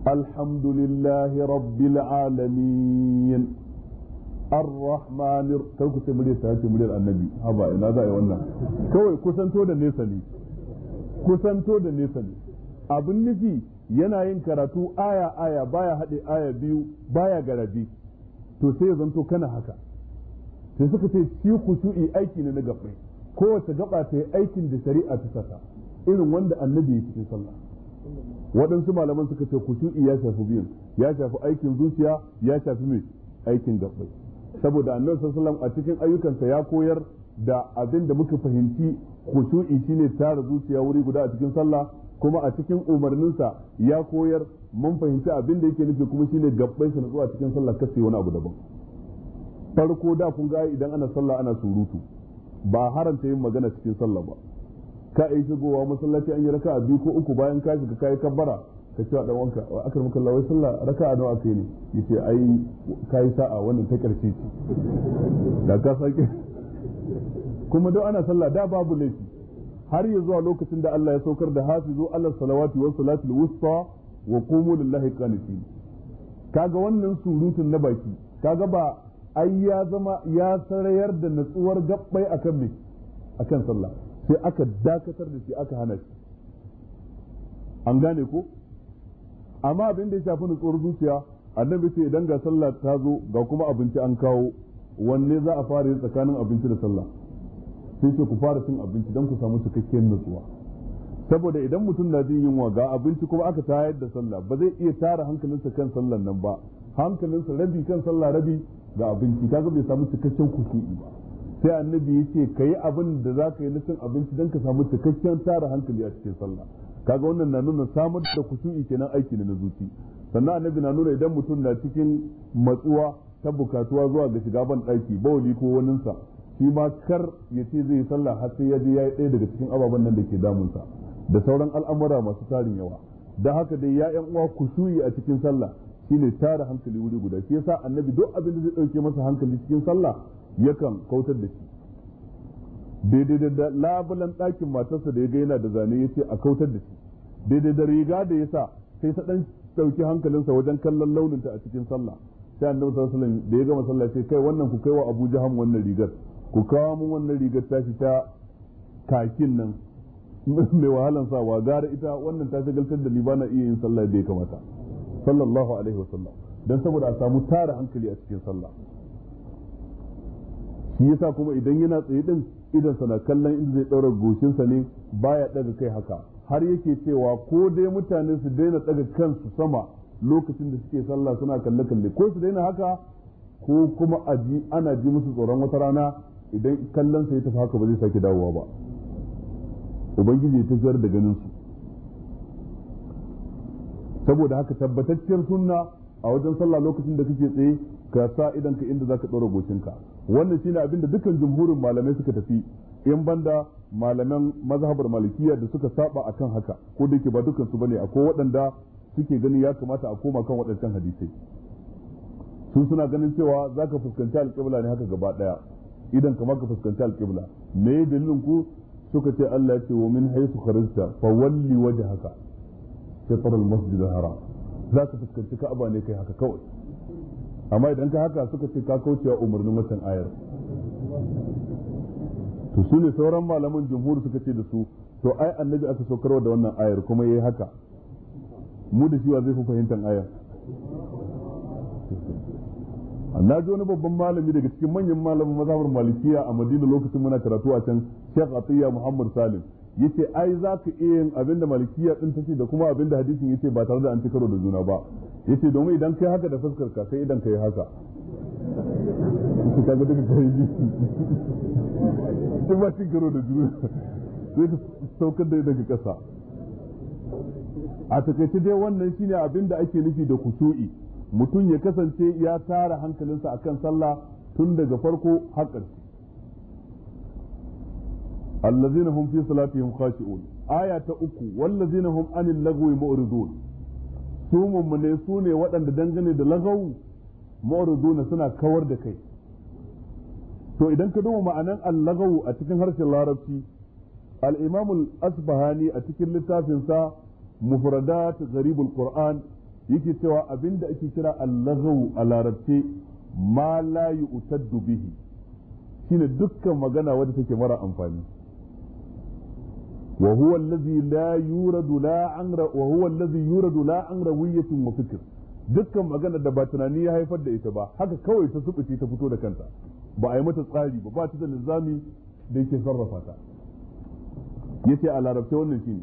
[SPEAKER 1] alhamdulillahi rabbil alamin arrahmanir rahmanir kar ku ce muryar ta ce muryar annabi haba ina za a yi wannan kawai kusanto da nesa ne kusanto da nesa ne abin nufi yana yin karatu aya aya baya haɗe aya biyu baya garabi to sai ya zanto kana haka sai suka ce shi khushu'i aiki ne na gafai kowace gaɓa ta yi aikin da shari'a ta saka irin wanda annabi ya cikin sallah waɗansu malaman suka ce kusui ya shafi biyun ya shafi aikin zuciya ya shafi mai aikin gaba saboda annabi sallallahu a cikin ayyukansa ya koyar da abin da muka fahimci kusu'i shine tara zuciya wuri guda a cikin sallah kuma a cikin umarninsa ya koyar mun fahimci abin da yake nufi kuma shine gabbai sa nutsuwa cikin sallah kace wani abu daban farko da kun ga idan ana sallah ana surutu ba haranta yin magana cikin sallah ba ka yi shigowa masallaci an yi raka'a biyu ko uku bayan ka shiga kai kabbara ka ce dan wanka wa akar maka Allah wai sallah raka'a nawa kai ne yace ai kai sa'a wannan ta karshe ce da ka sake kuma duk ana sallah da babu laifi har ya zuwa lokacin da Allah ya saukar da hafizu Allah salawati wa salatul wusta wa qumu lillahi qanitin kaga wannan surutun na baki kaga ba ai ya zama ya sarayar da natsuwar gabbai akan me akan sallah sai aka dakatar da shi aka hana shi an gane ko amma abin da ya shafi nutsuwar zuciya annabi ce idan ga sallah ta zo ga kuma abinci an kawo wanne za a fara yin tsakanin abinci da sallah sai ce ku fara cin abinci don ku samu cikakkiyar nutsuwa saboda idan mutum na jin yunwa ga abinci kuma aka tayar da sallah ba zai iya tara hankalinsa kan sallah nan ba hankalinsa rabi kan sallah rabi ga abinci kaga bai samu cikakken kusuri ba sai annabi ya ce ka yi abin da za ka yi na cin abinci don ka samu cikakken tara hankali a cikin sallah kaga wannan na nuna samar da kusuri kenan aiki ne na zuci sannan annabi na nuna idan mutum na cikin matsuwa ta bukatuwa zuwa ga shiga ban ɗaki bawali ko waninsa shi ma kar ya ce zai yi sallah har sai ya je ya yi ɗaya daga cikin ababen nan da ke damunsa da sauran al'amura masu tarin yawa da haka dai ya yan uwa ku shuyi a cikin sallah ne tara hankali wuri guda shi yasa annabi duk abin da zai dauke masa hankali cikin sallah yakan kautar da shi daidai da labulan ɗakin matarsa da ya ga yana da zane ya ce a kautar da shi daidai da riga da ya sa sai ta ɗan ɗauki hankalinsa wajen kallon launinta a cikin sallah sai annabi sallallahu da ya gama sallah sai kai wannan ku kai wa Abuja Jaham wannan rigar ku kawo mun wannan rigar tashi ta kakin nan mai wahalan sawa gara ita wannan ta shagaltar da ni ba na iya yin sallah da ya kamata sallallahu alaihi wasallam dan saboda a samu tara hankali a cikin sallah shi yasa kuma idan yana tsaye din idan sana kallon inda zai daura sa ne baya daga kai haka har yake cewa ko dai mutane su daina daga kansu sama lokacin da suke sallah suna kalle kalle ko su daina haka ko kuma ana ji musu tsoron wata rana idan kallon sa ya tafi haka ba zai sake dawowa ba ubangiji ta tafiyar da ganin su saboda haka tabbatacciyar sunna a wajen sallah lokacin da kake tsaye ka sa idan ka inda zaka tsora ka wannan shine abin da dukkan jumhurin malamai suka tafi in banda malaman mazhabar malikiya da suka saba akan haka ko da yake ba dukkan su bane akwai waɗanda suke ganin ya kamata a koma kan waɗancan hadisai sun suna ganin cewa zaka fuskanci alƙibla ne haka gaba ɗaya idan kama ka fuskanci alƙibla me dalilin ku suka ce Allah ya ce wa min haythu kharajta fa walli wajhaka shatr al-masjid al-haram za ka fuskanci Ka'aba ne kai haka kawai amma idan ka haka suka ce ka kaucewa umarnin watan ayar to su ne sauran malaman jumhur suka ce da su to ai annabi aka saukarwa da wannan ayar kuma yayi haka mu da shi wa zai fi fahimtar ayar na ji wani babban malami daga cikin manyan malamin mazhabar malikiya a madina lokacin muna karatu a can shek atiya muhammad salim yace ai za ka iya yin abinda malikiya din take da kuma abinda hadisin yace ba tare da an ci karo da juna ba yace domin idan kai haka da fuskar ka sai idan kai haka kaga kai ji ci karo da juna sai ka saukar da daga kasa a takaice dai wannan shine abinda ake nufi da kusu'i mutum ya kasance ya tara hankalinsa akan sallah tun daga farko har allazina hum fi salatihim khashi'un aya ta uku wallazina hum anil lagwi mu'ridun su mummune su ne waɗanda dangane da lagawu mu'riduna suna kawar da kai to idan ka duba ma'anan allagawu a cikin harshen larabci al-imam al-asbahani a cikin littafinsa mufradat al qur'an yake cewa abin da ake kira allagawu a larabce ma la yu'taddu bihi shine dukkan magana wadda take mara amfani wa huwa allazi la yuradu la amra wa huwa allazi yuradu la amra wa fikr dukkan magana da ba tunani ya haifar da ita ba haka kawai ta subuce ta fito da kanta ba a yi mata tsari ba ba ta da nizami da yake sarrafa ta yace a larabce wannan shine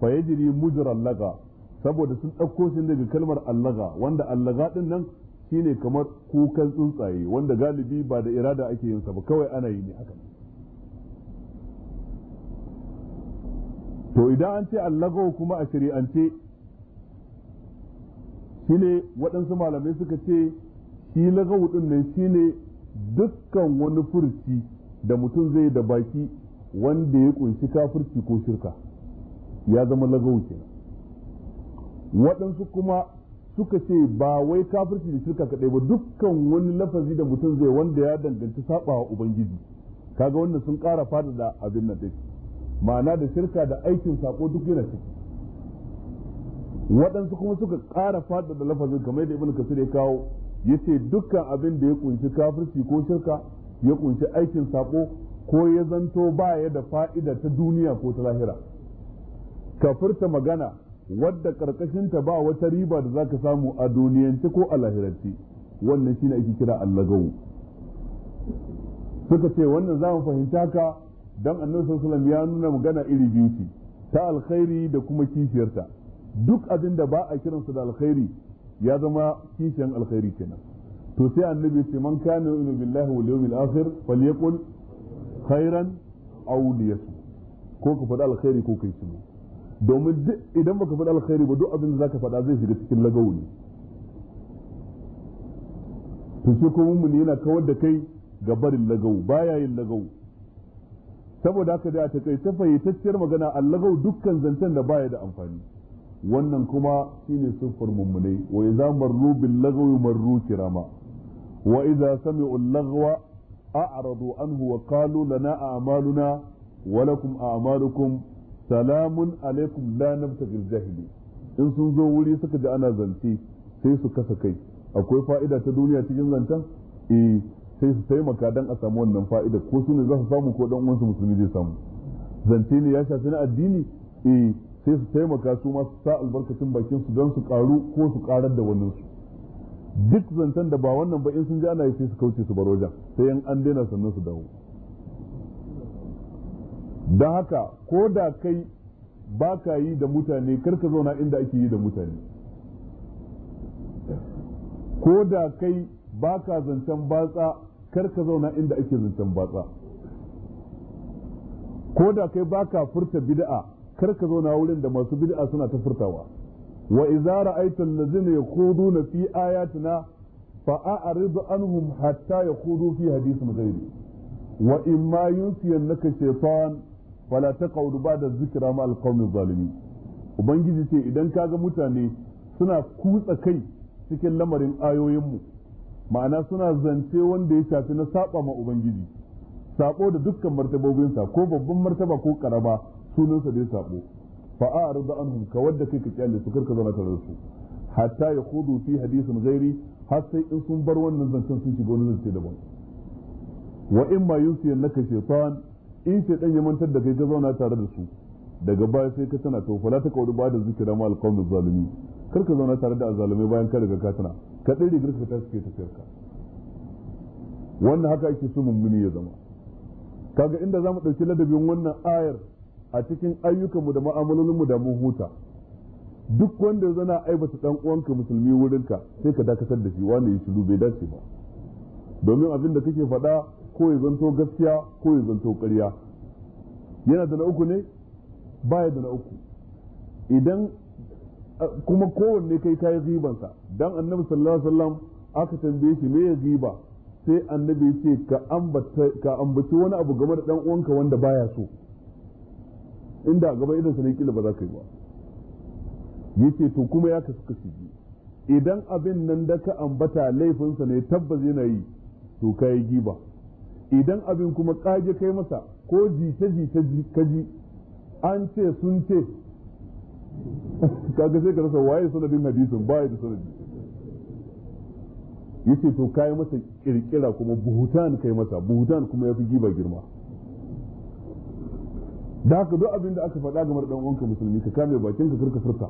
[SPEAKER 1] fa yajri mujral laga saboda sun ɗauko shi daga kalmar allaga wanda allaga ɗin nan shine kamar kukan tsuntsaye wanda galibi ba da irada ake yin ba kawai ana yi ne haka to idan an ce allaga kuma a shari'ance shine waɗansu malamai suka ce shi laga din nan shine dukkan wani furci da mutum zai da baki wanda ya kunshi kafirci ko shirka ya zama lagawu kenan waɗansu kuma suka ce ba wai kafirci da shirka kaɗai ba dukkan wani lafazi da mutum zai wanda ya danganci saɓawa ubangiji kaga wannan sun ƙara fada da abin nan ɗin ma'ana da shirka da aikin sako duk yana ciki waɗansu kuma suka ƙara fada da lafazin kamar yadda ibn kasir ya kawo ya ce dukkan abin da ya kunshi kafirci ko shirka ya kunshi aikin sako ko ya zanto ba ya da fa'ida ta duniya ko ta lahira ka furta magana wadda karkashinta ba wata riba da za ka samu a duniyance ko a lahirance wannan shine ake kira allagawu suka ce wannan za mu fahimta ka dan annabi ya nuna magana iri biyu ce ta alkhairi da kuma kishiyarta duk abin da ba a kiransa da alkhairi ya zama kishiyan alkhairi kenan to sai annabi ce man kana yu'minu billahi wal yawmil akhir falyakul khairan aw liyasmut ko faɗi alkhairi ko kai shiru domin idan baka faɗi alkhairi ba duk abin da zaka faɗa zai shiga cikin lagawuni ne to shi ko mummuni yana kawar da kai ga barin lagawu baya yin lagawu saboda haka da ta kai ta fayyatacciyar magana allagau dukkan zancen da baya da amfani wannan kuma shine siffar mummunai wa idza marru bil lagawi marru kirama wa idza sami'u lagwa a'radu anhu wa qalu lana a'maluna wa lakum a'malukum salamun alaikum la bil jahili in sun zo wuri suka ji ana zance sai su kasa kai akwai fa'ida ta duniya cikin zancen eh sai su taimaka dan a samu wannan fa'ida ko su ne za su samu ko dan uwansu musulmi zai samu zance ne ya shafi na addini eh sai su taimaka su ma su sa albarkacin bakin su don su karu ko su karar da wannan su duk zancen da ba wannan ba in sun ji ana yi sai su kauce su bar sai sai an daina sannan su dawo don haka ko da kai ba ka yi da mutane karka zauna inda ake yi da mutane ko da kai ba ka zancen batsa karka zauna inda ake zancen batsa ko da kai ba ka furta bid'a karka zauna wurin da masu bid'a suna ta furtawa wa na zina ya kudu na fi ayatina fa a'rid anhum hatta ya kudu fi zai ghairi wa imma yunsiyannaka shaytan fala ba da zikra ma alqawmi zalimin ubangiji ce idan kaga mutane suna kutsa kai cikin lamarin ayoyinmu ma'ana suna zance wanda ya shafi na saɓa ma ubangiji sabo da dukkan martabobinsa ko babban martaba ko karama sunansa dai sabo fa a'rid anhum ka wadda kai ka kyale su karka zama tare da su hatta yakhudu fi hadithin ghairi har sai in sun bar wannan zancen sun shiga wani zance daban wa imma ma kashe shaytan in ce ya mantar da kai ka zauna tare da su daga baya sai ka tana to fala ta kauri ba da zikira ma alqawmi zalimi kar zauna tare da azzalumai bayan ka riga ka tana ka dai rigar ka ta suke tafiyar ka wannan haka ake so mummuni ya zama kaga inda zamu ɗauki ladabin wannan ayar a cikin ayyukanmu da mu'amalolinmu da mu huta duk wanda zana aibata dan uwanka musulmi wurinka sai ka dakatar da shi wanda ya shiru bai dace ba domin abin da kake faɗa ko ya zanto gaskiya ko ya zanto ƙarya yana da na uku ne baya da na uku idan kuma kowanne kai yi ribansa don annabi sallallahu alaihi wasallam aka tambaye shi me riba sai annabi ce ka ka ambaci wani abu game da dan uwanka wanda baya so inda gaba idan sa ne kila ba za ka yi ba yace to kuma ya kasu kasu idan abin nan da ka ambata laifinsa ne tabbas yana yi to ka yi giba idan abin kuma kage kai masa ko jita jita kaji an ce sun ce kaga sai ka rasa waye sanadin hadisin baya da sanadi yace to kai masa kirkira kuma buhutan kai masa buhutan kuma ya fi giba girma da haka duk abin da aka faɗa ga da dan uwanka musulmi ka kame bakin ka karka furta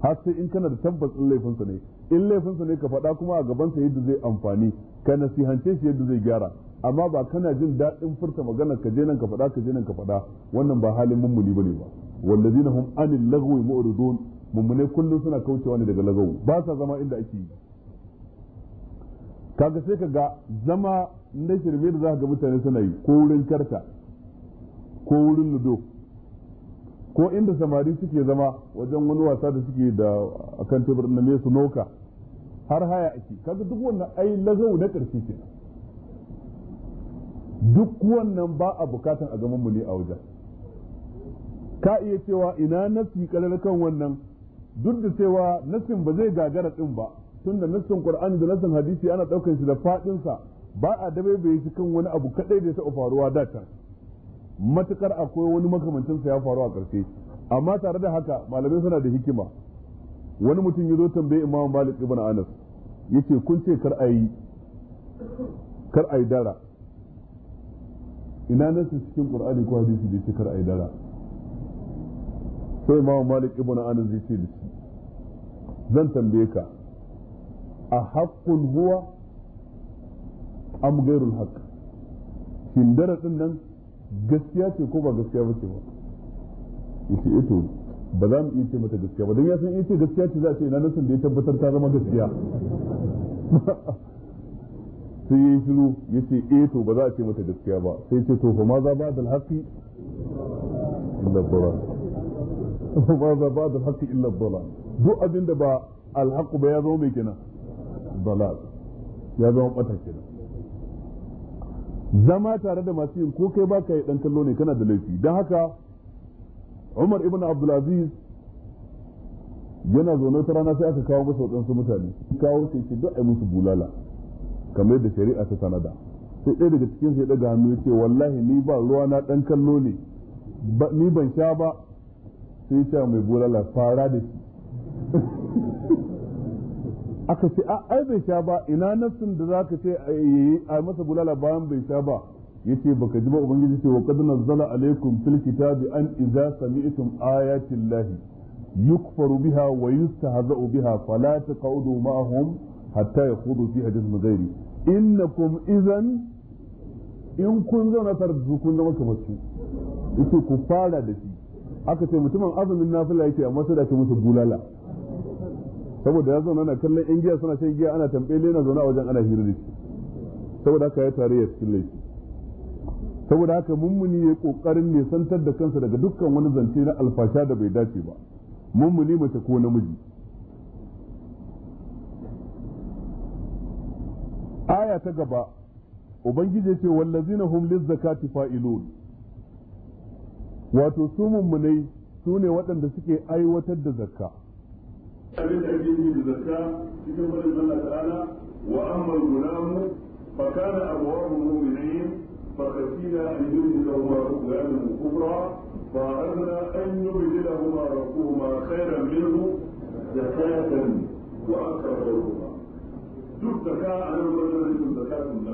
[SPEAKER 1] har sai in kana da tabbas in laifinsa ne in laifinsa ne ka faɗa kuma a gabansa yadda zai amfani ka nasihance shi yadda zai gyara amma ba kana jin daɗin furta magana ka je nan ka faɗa ka je nan ka faɗa wannan ba halin mummuni bane ba wallazina hum anil lagwi mu'ridun mummune kullum suna kaucewa ne daga lagawu ba sa zama inda ake yi kaga sai ka ga zama na shirme da za ga mutane suna yi ko wurin karta ko wurin ludo ko inda samari suke zama wajen wani wasa da suke da akan tebur na mesu noka har haya ake kaga duk wannan ai lagau na karshe kenan duk wannan ba a bukatan a gaman mu ne a wajen ka iya cewa ina nasi kalar kan wannan duk da cewa nasin ba zai gagara din ba tunda nasin qur'ani da nasin hadisi ana daukar shi da fadin sa ba a dabaibaye shi kan wani abu kadai da ya taɓa faruwa da can matukar akwai wani makamancin sa ya faru a karshe amma tare da haka malamai suna da hikima wani mutum ya zo tambaye imam malik ibn anas yace kun ce kar ayi kar ayi dara ina nasu cikin qur'ani ko hadisi da cikar ai dara sai imamu malik ibn anas zai ce da shi zan tambaye ka a haƙƙun huwa am ghairul haqq shin dara din nan gaskiya ce ko ba gaskiya ba ce ba yace eto eh ba za mu iya ce mata gaskiya ba don ya san iya ce gaskiya ce za a ce ina sun da ya tabbatar ta zama gaskiya sai yayi shiru ce eh to ba za a ce mata gaskiya ba sai ce to kuma za ba da haqqi illa dhalal kuma za ba da haqqi illa dhalal duk abinda ba alhaƙu ba ya zo mai kenan dhalal ya zama mata kenan zama tare da masu yin ko kai baka yi ɗan kallo ne kana da laifi don haka Umar ibn Abdulaziz yana zaune ta rana sai aka kawo masa waɗansu mutane kawo sai ce duk yi musu bulala kamar da shari'a ta sanada sai ɗaya daga cikin sai daga hannu ya ce wallahi ni ba ruwa na ɗan kallo ne ni ban sha ba sai ya mai bulala fara da shi aka ce ai bai sha ba ina nafsin da za ka ce eh, eh, eh, a masa bulala bayan bai sha ba yace baka ji ba ubangiji ce wa qad nazzala alaikum fil kitabi an iza sami'tum ayati lahi yukfaru biha wa yustahza'u biha fala taq'udu ma'ahum hatta yakhudu fi hadithin ghairi innakum izan in kun zauna tare da su kun zama kamar su yace ku fara da shi aka ce mutumin azumin nafila yake amma sai da ke musu bulala saboda ya zauna na kallon yan giya suna shan giya ana tambaye na zauna wajen ana hira da shi saboda haka ya tare ya cikin laifi saboda haka mummuni ya kokarin ne santar da kansa daga dukkan wani zance na alfasha da bai dace ba mummuni mace ko namiji آية تقبى وبنجد يسي والذين هم للزكاة فائلون وتسوم مني سونة وطن دسكي أي وطن دزكاة وأما الغلام فكان أبواه مؤمنين فخشينا أن يجدهما غلاما كفرا فأردنا أن يبدلهما ربهما خيرا منه زكاة وأكثر ربهما duk zaka a nan wajen rikin zaka sun da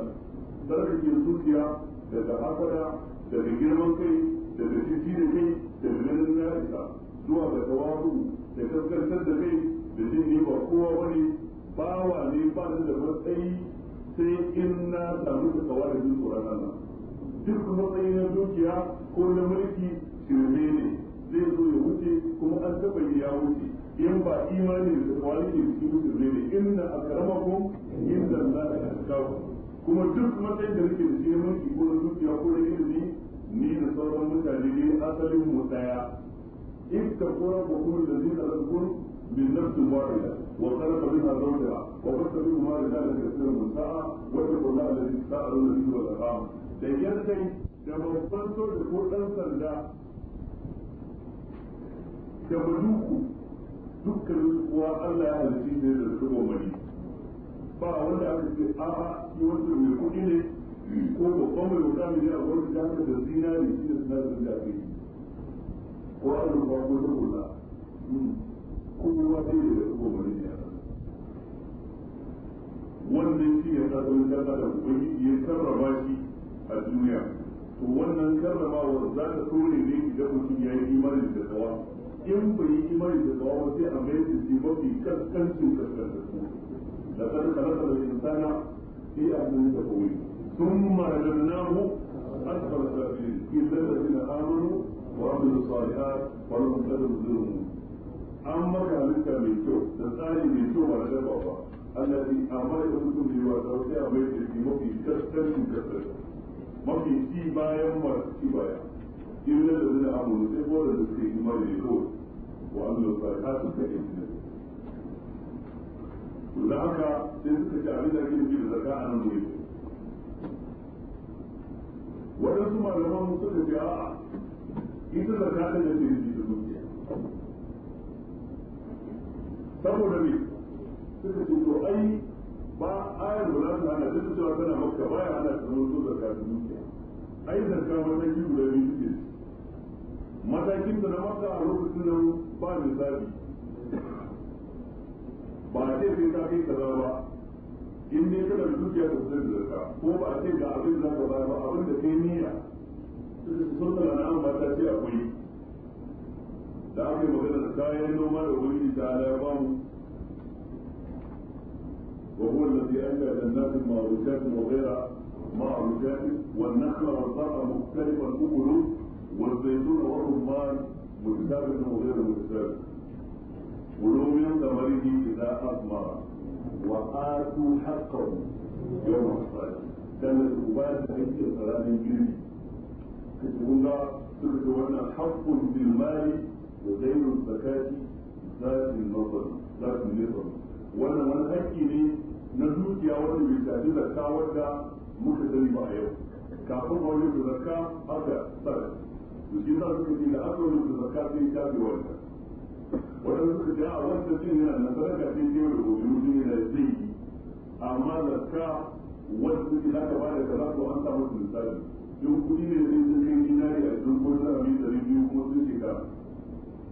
[SPEAKER 1] tsarkake zuciya da hafada da girman kai da da shi da kai daga ganin na'isa zuwa da tawadu da kaskantar da kai da jin ne ba kowa bane wa ne ba da matsayi sai in na samu da da jin tsoron Allah duk matsayi na zuciya ko na mulki shirme ne zai zo ya wuce kuma an taɓa ya wuce in ba imani da tsawari ne cikin musulmi ne inda a ko inda na da kawo kuma duk matsayin da nake da shi mulki ko na dukiya ko na ilimi ni da sauran mutane ne asalin mu daya kora ko kuma da zai da zuwa bin nafsin wahida wa sarrafa biha zawjaha wa basta bihuma da katsiran musa'a wa taqulla alladhi sa'alu bihi wal arham da yarkai da babban da ko dan sanda da baduku dukkanin kuwa Allah ya halitta ne da zuwa mani ba wanda aka ce a shi wanda mai kuɗi ne ko babban mai wuta ne a gwamnati ta haka da zinari shi da sinadarin da aka yi ko azurfa ko saboda hmm. kowa dai da zuwa mani ne wannan shi ya sa wani dan adam ubangiji ya karrama shi a duniya to wannan karramawar za ta tsore ne idan mutum ya yi imanin da tsawa in bai yi imani da tsawo sai a mai da shi mafi kaskancin kaskantattu da kan kalata da insana fi abin da kawai sun marajannahu asfar safirin illar da suna amanu wa abin salihat wa rahun kadar zurmu an maka halitta mai kyau da tsari mai kyau ba da daba ba allazi amara da mutum da yawa tsawo sai a mai da shi mafi kaskancin kaskantattu mafi ci bayan masu ci baya إلا الذين آمنوا سيقول الذين إيمان يقول وعملوا الصالحات فإن da haka sai suka ci abin da ake nufi da zakka a nan gobe waɗansu malaman musu da ce a'a ita zakka ta da ke nufi da dukiya saboda me suka ce to ai ba ayar da za ta hana duk cewa tana makka baya hana ta zama zuwa zakka ai zakka wannan yi guda biyu suke matakin da na maka a lokacin nan ba misali ba a ce sai ka kai kaza ba in dai kana da dukiya da zai zarka ko ba a ce ga abin da ka ba abin da kai niyya sun da na amma ta ce akwai da aka yi magana da kayan noma da wuri da ala ya bamu وهو الذي أنشأ جنات معروشات وغير معروشات والنخل والزرع مختلفا أكله والزيتون والرمان متسابق وغير متسابق ولو من ثمره إذا أثمر وآتوا حقهم يوم الصلاة كان الأباد أيدي صلاة الجري كتبوا تلك وانا حق بالمال وغير الزكاة ذات النظر ذات النظر وانا من هكي إيه؟ نزوك يا ولدي بالتأتي زكاة مش مكتري بقى يوم كافر قولي بزكاة أكا to shi za su ce da azumin da zakka sai ta bi wannan suka a wannan din yana na sadaka sai ke rubutu ne yana zai amma zakka wanda suke za ka bada kaza an samu su misali in kuɗi ne zai sun kai dinari a cikin ko za a bi ɗari ko sun shiga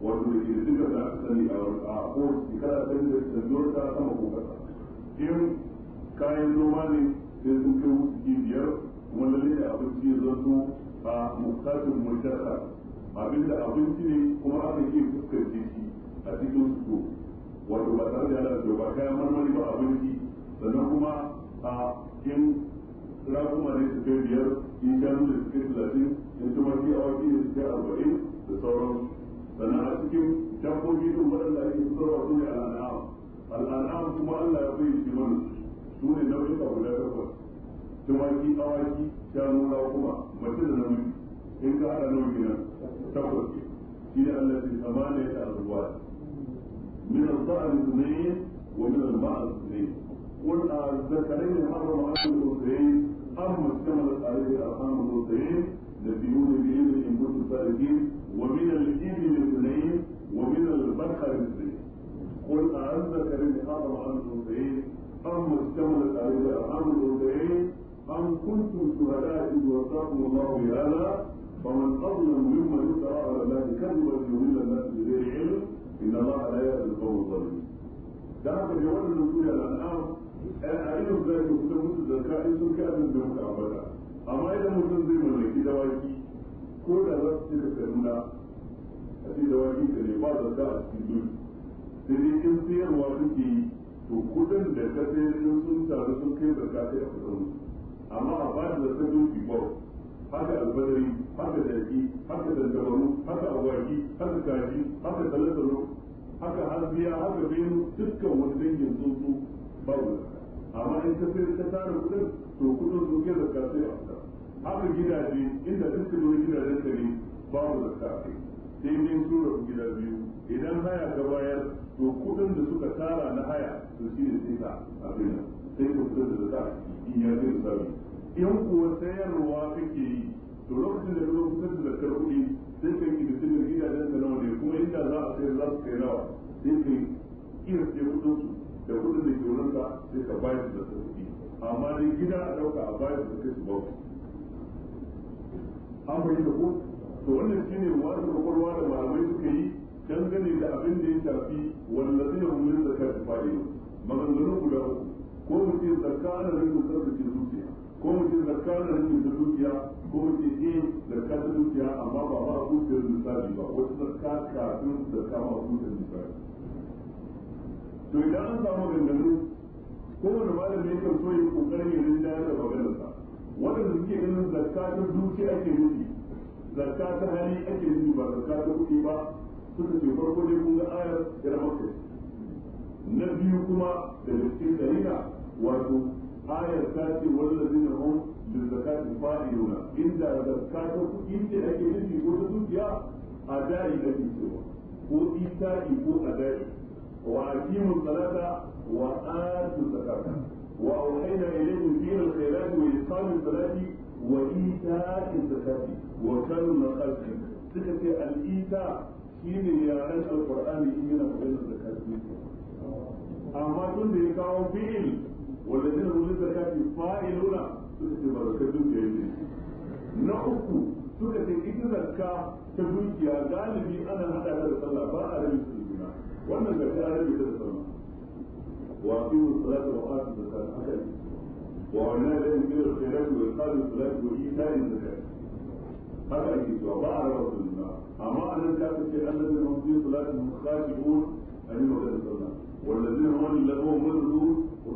[SPEAKER 1] wato da ke duka da aka sani a ko shekara ta da tanzuwar ta sama ko kasa in kayan noma ne sai sun kai wuce biyar kuma lalle da abinci ya zo a mukatun mujarra da abinci ne kuma aka yi fuskar jiki a cikin su wato ba tare da yana da ba kayan marmari ba abinci sannan kuma a in rakuma ne su kai biyar in shanu da su kai talatin in tumaki a waje ne su kai arba'in da sauran sannan a cikin dabbobi din waɗanda ake fitarwa su ne al'an'am al'an'am kuma Allah ya shi mana su ne nau'in abu da takwas tumaki awaki shanu rakuma mace da namiji in ka haɗa nawa kenan takwas ke shi ne Allah ce amana ya arzuwa min al-ba'd sunayn wa min al-ma'd sunayn qul a'zakarayn harrama alaykum al-sunayn am mustamalat alayhi arham al-sunayn نبيون بإذن إن كنتم صادقين ومن الإبل اثنين ومن البقر اثنين قل أعزك الذي حرم عنه الأنثيين أم اشتملت عليه أرحام الأنثيين أم كنتم شهداء إذ وفاكم الله بهذا فمن أظلم ممن يفترى على الله كذبا ليضل الناس بغير علم إن الله لا يأتي القوم الظالمين. دعك في جواب النزول على الأنعام أعلم ذلك كتب الزكاة إن سلك أبن بهم كعبدا أما إذا مسلم زي ملكي دواكي كل هذا تلك كرمنا أتي دواكي كلمات الزكاة تدل سيدي كنسير واسكي to kudin da ka sai sun taru sun kai zakka sai a amma a ba da ta doki bau haka albadari haka jaki haka dandabaru haka awaki haka kaji haka talatalo haka harbiya haka benu dukkan wani dangin tsuntsu babu amma in ta sai ta tara kudin to kudin su ke zakka sai a fita haka gidaje inda dukkan wani gidajen ka ne babu da a kai sai dai su rabu gida biyu idan haya ka bayar to kudin da suka tara na haya to shi ne sai ka abin sai ku fitar da zakka mutum ya zai sami in kuwa sayarwa kake yi to lokacin da zo fitar da zakar kuɗi sai ka yi da gidajen da nawa ne kuma inda za a sayar za su kai nawa sai ka yi kirce kuɗin su da kuɗin da ke wurinka sai ka bayar da zakar kuɗi amma dai gida a ɗauka a bayar da kai su ba ku an fahimta ko to wannan shine wani kwakwalwa da malamai suka yi dangane da abin da ya shafi wallazina hum min zakati fa'ilun maganganun guda uku ko mu ce zakka ana da ke zuciya ko mu ce zakka ana nufin ta dukiya ko mu ce eh zakka ta dukiya amma ba ba dukiyar misali ba wata zakka kafin zakka ma dukiyar misali to idan an samu ganganu kowane malami kan so yi kokarin ya rinda da maganarsa waɗanda suke ganin zakka ta zuciya ake nufi zakka ta hali ake nufi ba zakka ta kuɗi ba suka ce farko dai kun ga ayar ya na biyu kuma da cikin dalila wato ayar ta ce wallazina hum bil zakati fa'iluna inda zakata kuɗi ce ake nufi ko ta dukiya a da'i da cewa ko isa'i ko a da'i wa a aqimu salata wa a atu zakata wa a wani auhayna ilayhim fi al-khayrati wa iqami salati wa ita'i zakati wa kanu qalbi suka ce al-ita shine yaran al-qur'ani in yana koyar da zakati amma tun da ya kawo fi'il والذين هم للزكاة فاعلون سكة بركة دوكيا na uku suka ce ita zakka ta dukiya galibi ana hada da sallah ba a rabi su juna wannan zakka a rabi da sallah wa aqimu salata wa atu zakata haka wa wannan da yake da khairat wa qalu salatu wa ita'in zakat haka ne to ba a rabi su juna amma anan ta ce annabi mun fi salatu mun khashi'un yi wa sallah والذين هم لهم مرضون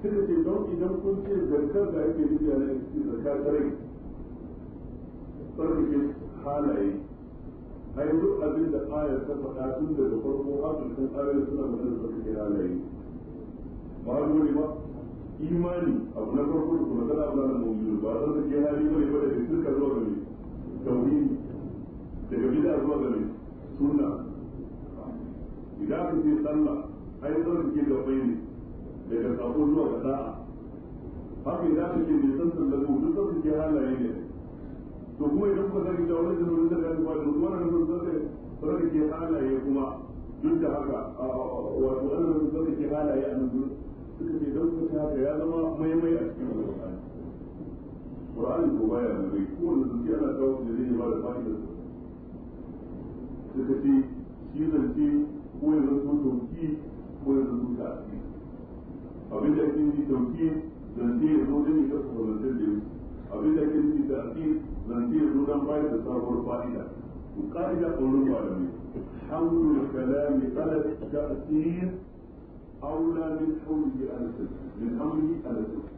[SPEAKER 1] suka ce don idan kun ce zarkar da ake yi da nan ce zarka ta rai tsarkake halaye ai duk abin da ayar ta faɗa tun daga farko afirkan ayar suna magana tsarkake halaye ba a gori ba imani abu na farko da kuma zana abu na mummuni ba a tsarkake hali ba ne ba da shirka zuwa gani tauri daga gida zuwa gani suna idan ka ce sallah ai tsarkake gabai ne daga sabo zuwa ga sa'a haka idan aka ce mai san sallamu duk sun suke halaye ne to kuma idan kuka zaki jawo da wani daga ba da kuma na nufin sai da ke halaye kuma duk da haka wato wannan sai ke halaye a nan suka ce don su haka ya zama maimai a cikin alƙur'ani Qur'ani ko baya da bai zuciya kawo da zai ba da suka ce shi zance ko yanzu sun tauki ko yanzu sun tafi abin da ake nufi tauki zance ya zo don ya kasa zancen da yau abin da ake nufi ta'aƙi zance ya zo don bayar da sabuwar fa'ida to ka'ida ƙaurin malamai حول الكلام على التأثير أولى من حوله على التأثير من أمره على التأثير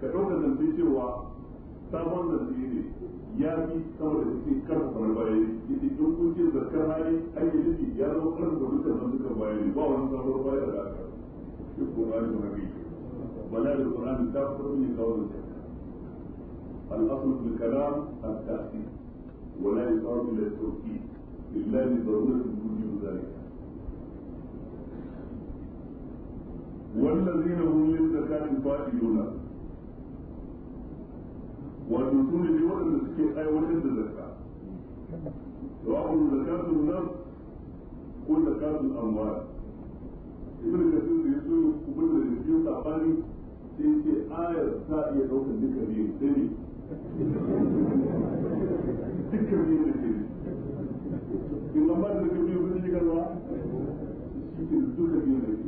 [SPEAKER 1] كتوكا زنبي cewa sabon zance ne ya fi sama da cikin karfafa na bayan yadda in kun ce zarkar hali ayyuka ya zama karfafa dukkan zantukan bayan ba wani sabon bayan da aka القرآن الربيع ولا القرآن الكافر من قول الأصل في الكلام التأكيد ولا يصار إلى التوكيد إلا لضرورة وجود ذلك والذين هم للزكاة فاعلون والرسول لوحدة السكين أي وحدة الزكاة سواء زكاة النفس كل زكاة الأموال ibn kasir da yazo kuma da yin sabani sai ce ayar ta iya daukar duka biyu sai ne duka biyu da ke in ba da duka biyu sun shi ke duka biyu da ke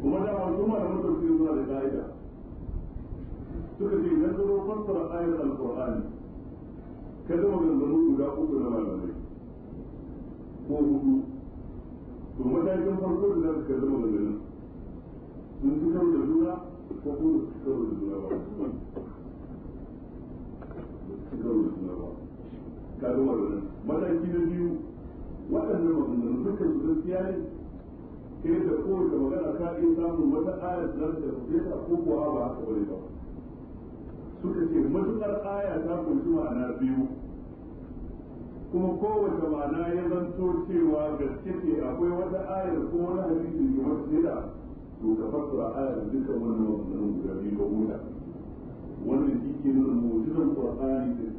[SPEAKER 1] kuma da masu malamin tafsir zuwa da ka'ida suka ce na zuro fassara ayar alkur'ani ka zama zanzaro guda uku na malamai ko hudu matakin farko da za fi da juna ko kuma da juna ba da juna ba nan mataki na biyu waɗannan dukkan su gaskiya ne da kowace magana ka iya samun wata ayar da ta ta ko kuwa ba haka bane ba suka ce matuƙar aya ta kunshi ma'ana biyu kuma kowace ma'ana ya zanto cewa gaske ce akwai wata ayar ko wani hadisi da wata shida to ka a ayar dukkan wannan wannan guda biyu ka guda wanda shi ke nuna mu'jizan qur'ani din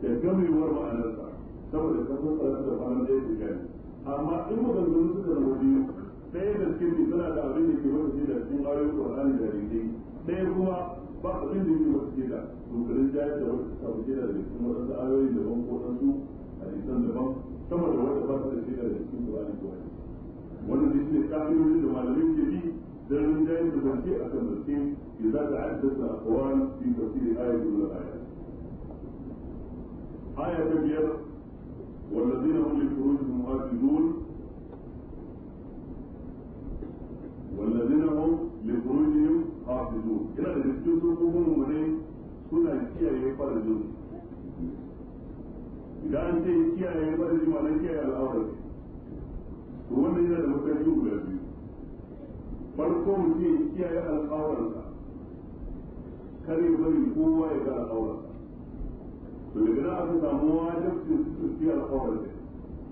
[SPEAKER 1] da gamewar ma'anarsa saboda ka fassara da fara da yake gani amma in maganganu suka zama sai ɗaya gaske ne suna da abin da ke wata shida cikin ayoyin qur'ani da rike sai kuma ba abin da yake wata shida to ka rinjaya da wata shida da cikin wadansu ayoyin da ban ko su hadisan daban sama da wata ba su da shi da cikin Qur'ani ko hadisi wannan dai shine kafirin da malamai ke bi dan rinjayen da zance a kan zance idza ta'addasa aqwal fi tafsir ayatin wa ayat aya ta biyar والذين هم لفروجهم حافظون والذين هم لفروجهم حافظون إلى أن يكتبوا منهم suna kiyaye farajinsu da an ce kiyaye ba da jima na kiyaye al'aurar to wannan yana da matsayi guda biyu farko mutum ya kiyaye al'aurar kar kare bari kowa ya ga al'aurar to daga nan aka samu wajibcin su ci al'aurarsa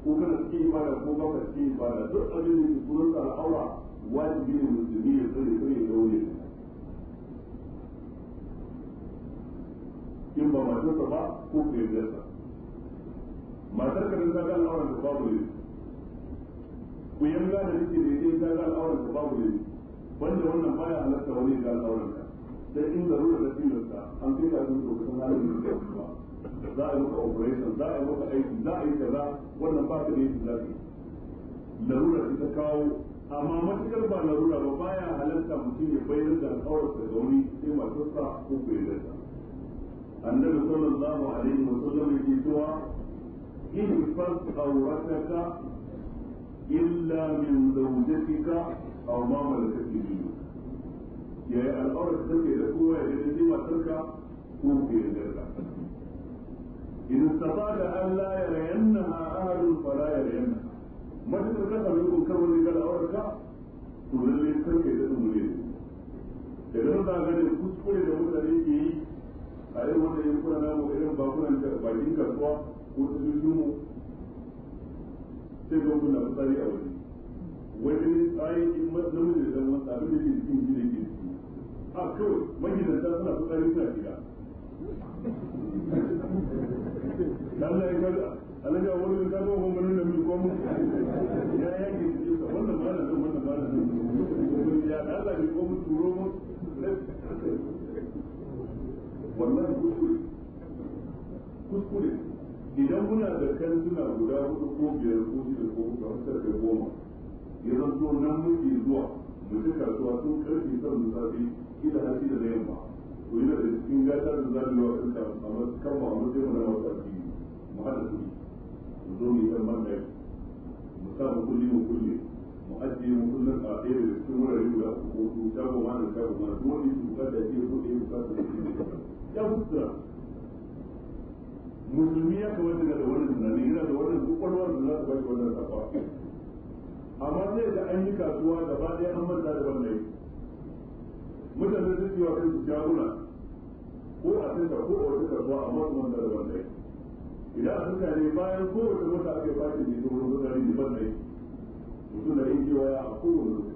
[SPEAKER 1] ko kana cikin ibada ko ba ka cikin ibada duk abin da ke sunan da al'aura wajibi ne musulmi ya tsare kar ya daure in ba matarsa ba ko kai matar ka ta zan al'auran ta babu ne ku yanga da nake da yake ta zan al'auran ta babu ne wanda wannan baya halarta wani ya ga al'auran ta sai in da ruwa da tilasta an kai ka zuwa kan halin da ke ba za a yi maka operation za a yi maka aiki za a yi kaza wannan ba ka da yake za ka larura ta kawo amma matukar ba larura ba baya halatta mutum ya bayar da alƙawarsa ga wani sai matarsa ko bai da annabi sallallahu alaihi wa sallam yake cewa إن فرض عورتك إلا من زوجتك أو ما ملكت يمينك يا الأورث تلقي لك هو يجد ما تلك قوم في يدك إن استطعت أن لا يرينها أهل فلا يرينها ما تلقى منكم كم لك الأورث تولي تلقي لك تولي idan za ga da kuskure da mutane ke yi a irin wanda kuna namu irin bakunan da bakin kasuwa ko ta sai ga kuna fitsari a waje wajen tsari namiji da dan wasa da ke cikin gida ke ciki a kawai magidanta suna fitsari suna gida Allah ya kaza alaga wani ka ga mun mun mun ko mun ya ya ke ciki wannan ba da nan wannan ba da nan ya Allah ya ko turo mun wallahi kuskure kuskure idan kuna da kantuna guda hudu ko biyar ko shida ko hudu har tara da goma ya so nan muke zuwa mu ji kasuwa sun karfe tara da safe ila har shida na yamma to yana da cikin gata da za mu yi wa kanta a matsayin ba a matsayin mu na masu addini mu haɗa kuɗi mu zo mu yi ɗan man ɗaya mu sa mu kulle mu kulle mu ajiye mu kullum a ɗaya da cikin wurare guda uku ko su shago ma da shago ma duk wanda yake bukata ya ce ko ɗaya da ya da ya fuskura musulmi ya kamata da wannan tunani yana da wannan kwakwalwar da za su bashi wannan sakwa amma zai da an yi kasuwa da ba ɗaya an manta da mai mutane sun ce kai su jaguna ko a sai ko a wata kasuwa amma su manta da wannan idan a suka ne bayan wata fashe ne ta wurin zuwa da ban mutum na yin cewa ya a kowane lokaci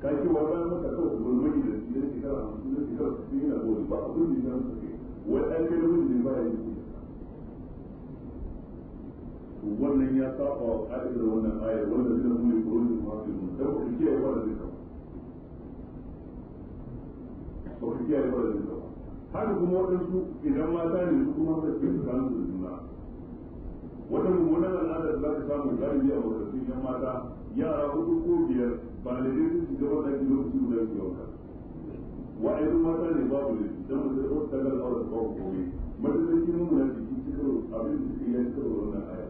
[SPEAKER 1] ka ce wa bayan wata kawai da shi ne hamsin shekara na gobe ba a wai an kai da mutum to wannan ya saba wa ka'idar wannan ayar wanda zai mun yi kurojin mafi mun sai ku kiyaye wa da zai kama ba ku kiyaye wa da zai kama haka kuma waɗansu idan mata ne su kuma haka su kan su juna wata mummunan al'ada da za ka samu galibi a makarantun yan mata yara hudu ko biyar ba da dai su shiga wannan ɗaki lokaci guda su yauka wa'ayyar mata ne babu ne don mu zai ɗauka tagar aure ba ku kome mata da shi mun muna jiki cikin abin da suke yankin wannan ayar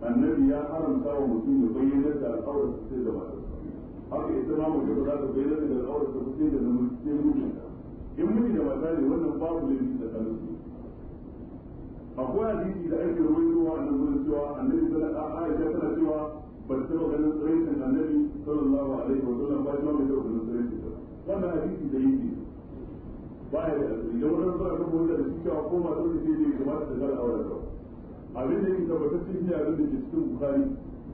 [SPEAKER 1] annabi ya haramta wa mutum ya bayyana da alƙawarin su sai da matar haka ita ma mutum ba za ta bayyana da alƙawarin su sai da namiji sai mijinta in miji da mata ne wannan babu laifi da a akwai hadisi da ake rawaitowa a nan gurin cewa annabi ta alaihi wasallam tana cewa ba ta taba ganin tsiraitin annabi sallallahu alaihi sallam ba ta mai taba ganin ta wannan hadisi da yake ba ya da asali da wannan zuwa kan wanda da shi cewa ko ma sun ce ne kamata da zara aure kawai abin da yake ta cikin yaren da ke cikin bukari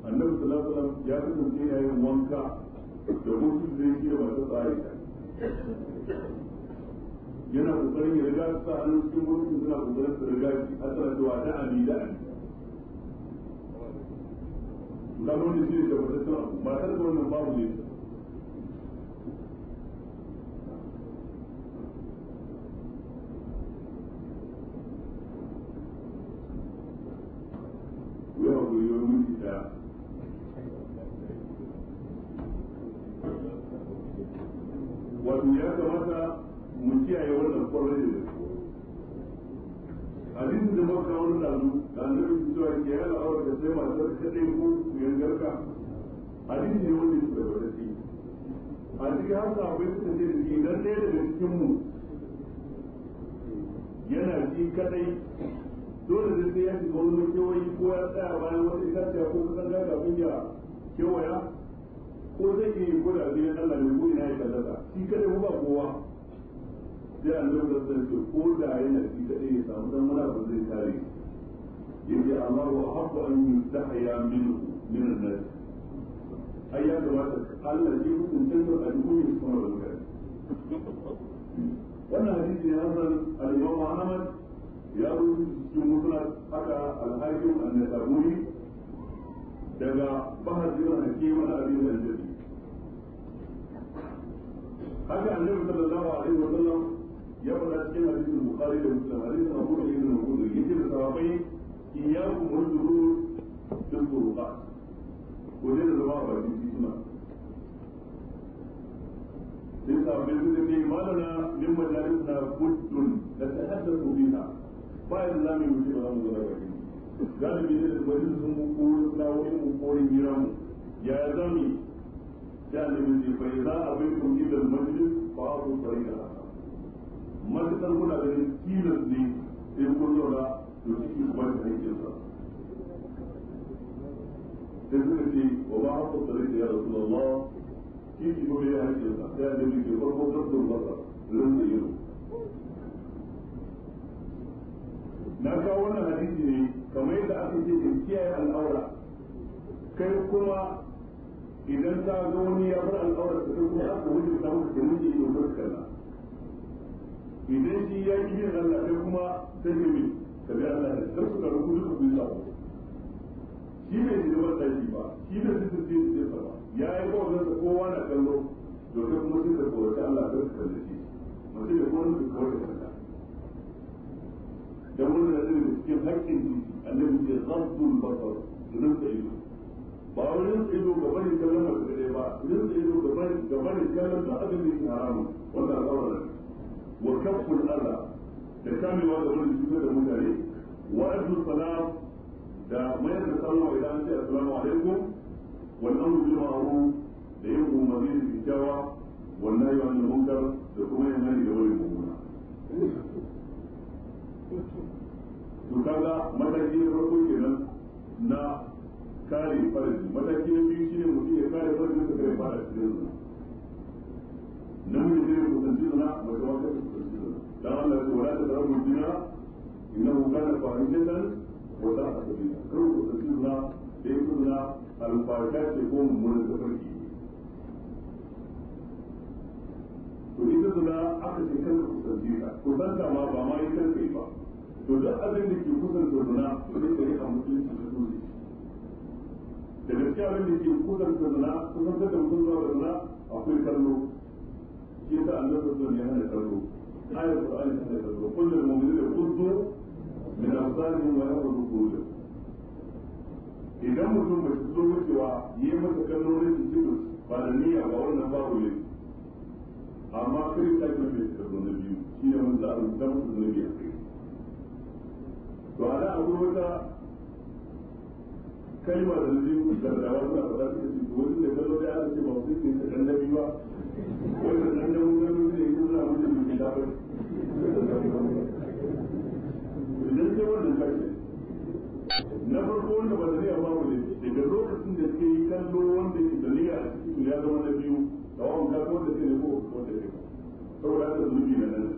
[SPEAKER 1] annabi sallallahu alaihi ya ya kasance ya yi wanka da wasu da yake da masu tsari yana kokarin ya riga su sa hannun cikin wurin suna kokarin su riga shi a tsara cewa da abi da abi da mun ji da abu ba ta da wannan babu ne wato ya kamata mu kiyaye wannan kwarar da hadisin da wani lalu da annabi cewa ke yana aure da sai ko yangarka ne wanda a cikin haka da idan ɗaya daga cikin mu yana shi kaɗai dole da sai ya shiga wani kewayi ko ya tsaya bayan wata itaciya ko kasan gaga kun ya kewaya ko zai iya ko da abin Allah ne ko ina ya kallaza shi kadai ko ba kowa sai annabi da sai ce ko da yana shi kadai ya samu dan wani abu zai kare yace amma wa habbu an yustahya minhu min an-nas ai ya gabata Allah ya hukunta da al'umma subhanahu wa ta'ala wannan hadisi ne Hassan al-Imam Ahmad ya rubuta cikin musnad haka al-hakim an-nasaburi daga bahazir hakim al-abi al-jaddi haka annabi sallallahu alaihi wa sallam ya faɗa cikin hadisin bukhari da muslim hadisin abu da ibn mas'ud yake da sahabbai iyyakum wal durur bil qurbat ko da zama ba shi suna sai sahabbai suka ce malana min majalisna kuddun da tahaddathu biha ba yanzu za mu wuce ba za mu zo galibi ne da bari sun mu ko dawoyin mu ko mu ya za ba yi da annabi ce fa idza abikum ila al-majlis fa da tariqa matakar kuna ganin tilas ne sai kun zauna to ciki ku ba da hakkin sa sai suka ce wa ba aqu da ya rasulullah ciki ku bai da hakkin sa sai annabi ce farko kasdun basa rinda yiro na kawo wannan hadisi ne kamar yadda aka ce in kiyaye al'aura kai kuma idan ta zo wani ya bar al'aura ta kuma aka wuce ta maka da muke yi domin kalla idan shi ya ki yin Allah kai kuma ta ce min ka bi Allah da kar su karu kuma ku yi sabo shi bai ji da ɗaki ba shi da su su ce su ba ya yi ba wannan kowa na kallo domin kuma sai da kowace Allah kar su kalle shi mutum da kowa su kawo da kalla لكن annabi ce zarfin basar rinsa ido ba wani rinsa ido ga bari kallon da dai ba rinsa ido ga bari ga bari kallon da abin da yake haramu wanda al'aura ne wa kafin ala da kamewa da wani cutar da mutane wa ajin salam da mayar da sallama idan an ce assalamu alaikum wal amru bil ma'ruf da yin umarni da kyakkyawa wal nahyi anil munkar da kuma yin hani da wani mummuna Thank you. to kaga mataki na farko kenan na kare farji mataki na biyu shine mutum ya kare farji da kare fara cikin zina namiji zai kusanci zina mace ma ta kusanci zina dan Allah ya wada da rabu zina innahu kana farin da nan ko da ka la asbila kar san zina da yake zina albarka ce ko mun mummunan tafarki to ita zina aka ce kan san ta kusanta ma ba ma yi kan kai ba to da abin da ke kusa da kusan zurna kudin gari a musulunci da su ne da gaske abin da ke kusa kusan zurna kusan da mutum zuwa zurna akwai kallo shi ta annabi sun ya hana kallo ayar qur'ani ta hana kallo kullum mu'minu da kuddu min absarihim wa yahfadu qulubahum idan mutum bai zo wucewa yi masa kallo ne rashin jibril ba da niyya ba wannan babu ne amma kai ta kuma bai tsaro na biyu shi ne wanda a rubuta musu zunubi a kai to a da wata kalma da nabi da dawa suna faɗa su ce wani ne kallo da aka ba su ne ta annabi ba wani da annabi da nabi ne da na mutum da ba idan ke wannan kai na farko wanda ba da amma wani daga lokacin da ke yi kallo wanda ke da niyya a cikin ya zama na biyu da wanda ka wanda ke ne ko wanda ke saboda haka zubi na nan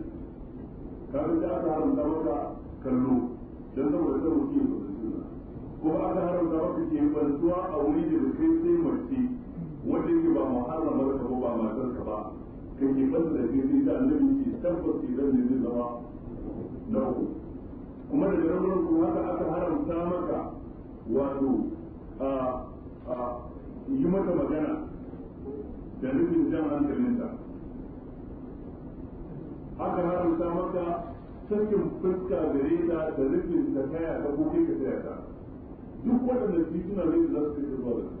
[SPEAKER 1] kafin da aka haramta maka kallo don saboda kan mutum ya kwanci ko aka haramta maka ke kwantuwa a wuri da kai sai mace wanda yake ba muharrama ka ko ba matarka ba kai ke kwanci da ke sai ta annabi ce tabbas idan ne zai zama na uku kuma da garin kuma haka aka haramta maka wato yi mata magana da nufin jan hankalinta aka haramta maka sakin fuska da ta da rufin da kaya ta ko kai ka tsaya ta duk waɗanda su suna rai da za su kai zuwa da su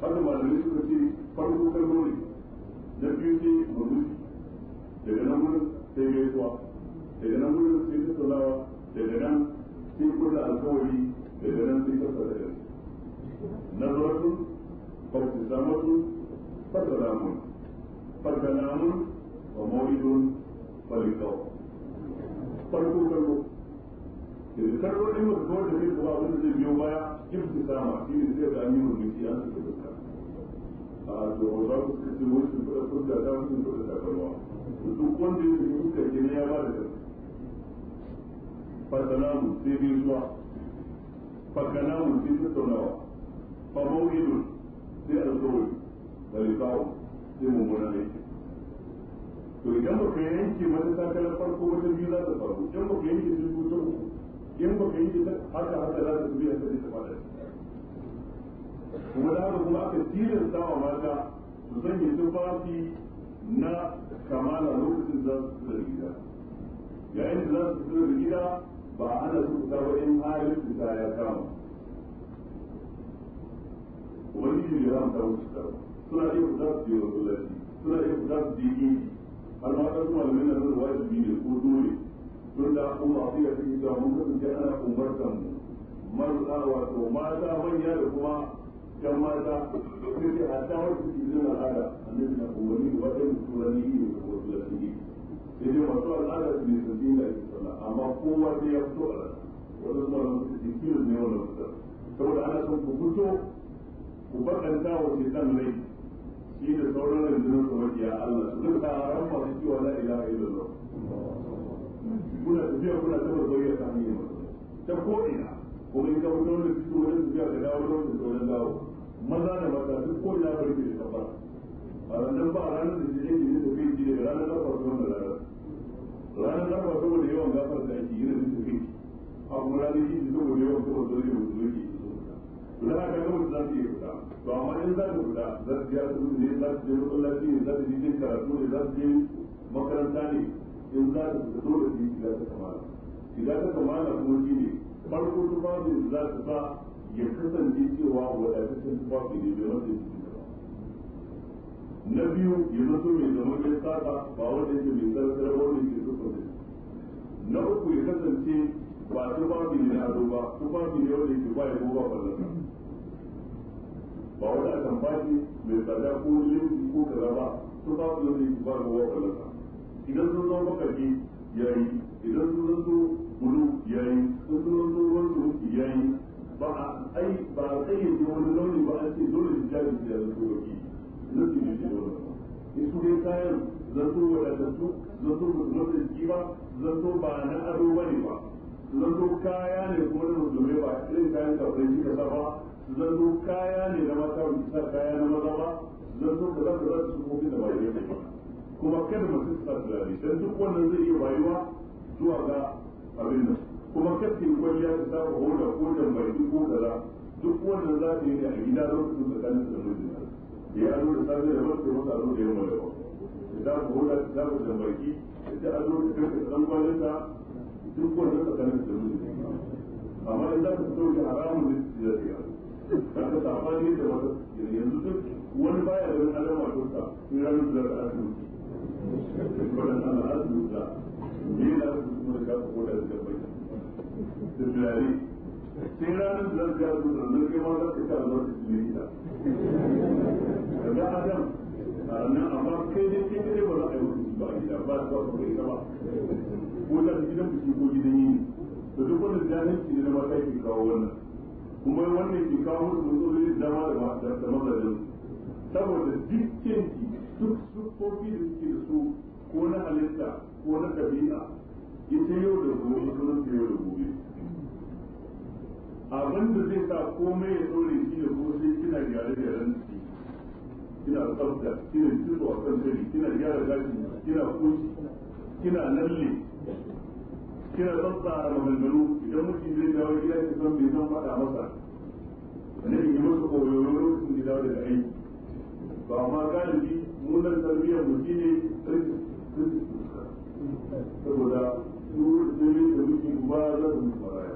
[SPEAKER 1] har da malamai suka ce farko kallo ne na biyu ce mamusi daga nan wurin sai gaisuwa daga nan wurin sai tattaunawa daga nan sai kulla alkawari daga nan sai tattaunawa da su nazaratun farfisamatun farsalamun farsalamun wa mawidun falikawar farko farko da kar wani mutum kawai da zai kuma abin da zai biyo baya ibn sama shi ne zai ga aminu da shi an suka duka a to za ku kace wani sun fada kun da da mun fada da kalma duk wanda ya yi muka ya ba da fasalamu sai bi zuwa fakanamu sai tattaunawa fa mawidun sai alƙawari da sai mummuna ne to idan ba ka yanke wani takalar farko wata biyu za ta faru idan ba ka yanke sun biyu ta uku idan ba ka yanke haka haka za ta biya ta ta fada kuma da haka kuma aka tilin sama mata su sanya fafi na kamala lokacin za su fita da gida yayin da za su fita da gida ba a hana su fita ba in halin ta ya kama wani ne ya ta wuce suna iya fita su je wasu lafi suna iya fita su je inji har ma wasu malamai na nuna wajibi ne ko dole don da kuma a fiye suke cewa mun kasance ana umartan marasa wato mata manya da kuma can mata sai dai hatta wasu suke jin al'ada annabi na umarni da turani ne da kuma tulatini sai dai masu al'ada ne su dina da sallah amma kowa sai ya fito a wani malamai su ne wannan saboda ana son ku fito ku bakanta wa shi rai shi da sauran rundunar kamar ya Allah su duka ran masu cewa la ilaha illallah kuna tafiya kuna tabar bayyana ta hanyar ta ko ina kuma in ka fito da fito wajen tafiya da dawo da wajen wajen dawo maza da mata duk ko ina bari da tabar a ranar ba a ranar da shi yake yin tafiya shi daga ranar lafa su wanda ranar ranar lafa saboda yawan gafar da ake yin tafiya a kuma ranar yi saboda yawan saboda zai mutu zai yi. Lana ka gama da za su iya fita. to amma in za ka fita za su biya kuɗi ne za su je masallaci ne za su je jin karatu ne za su je makaranta ne in za ka fita dole su yi za ta kamala shiga ta kamala kuma shi ne farko tufafin da za ka sa ya kasance cewa wadataccen tufafi ne bai wanda ya na biyu ya zato mai zama ya saba ba wanda yake mai sarkar wanda yake sukunin na uku ya kasance ba tufafi ne na ado ba tufafi ne wanda yake ba ya ba fallasa ba wani akan bashi mai tsada ko laifi ko kaza ba su ba su zai ba ga wa ba idan sun zama bakarfi yayi idan sun zanto bulu yayi sun zanto wani suruki yayi ba a ai ba a tsayyade wani launi ba an ce dole su jari su yanzu waki idan su ne shi wani in su dai kayan zanto wadatattu zanto musulman jiki ba zanto ba na ado bane ba zanto kaya ne ko na musulmai ba irin kayan kafin jika sa ba zanto kaya ne na mata wani sa kaya na maza ba zanto ka za ka za su kofi da ba daidai ba kuma kada masu sa turare dan duk wannan zai iya bayuwa zuwa ga abin nan kuma kada yi ya ta sa ko da ko da bai duk ko kaza duk wannan za ta yi ne a gida don lokacin tsakanin da mijina da ya zo da safe da masu masa a zo da yamma da ba da za ku hoda da za ku jambaki da ta a da kanka ɗan kwalinta duk wannan tsakanin da mijina amma in za ka fito da haramun da ya zo kaga ta amfani da wata yanzu duk wani baya ganin alama to ta in ranar da za a asibiti wannan ana asibiti da ne na asibiti kuma da kafa ko da da bai da bilari sai ranar da a asibiti da nan ma za ka ta albarka cikin ita kaga adam nan amma kai dai kai ba za a yi wani ba gida ba ba ba ita ba ko da gidan ku ko gidan yi to duk wannan ne mata ke kawo wannan kuma wannan ke kawo musu matsaloli da dama da ba mazajen saboda duk canji duk siffofi da suke da su ko na halitta ko na ɗabi'a ita yau da gobe sunan ta yau da gobe abin da zai sa komai ya dore shi da kuma sai kina gyare gyaran ciki kina tsafta kina kitso a kan kina gyara gashi kina kunshi kina lalle kina son tsara maganganu idan mutum zai dawo gida ki san bai san faɗa masa sannan yi masa koyoyo lokacin gida daga aiki ba ma galibi munan tarbiyyar mu shi ne saboda su zai da muke ba za su mutu maraya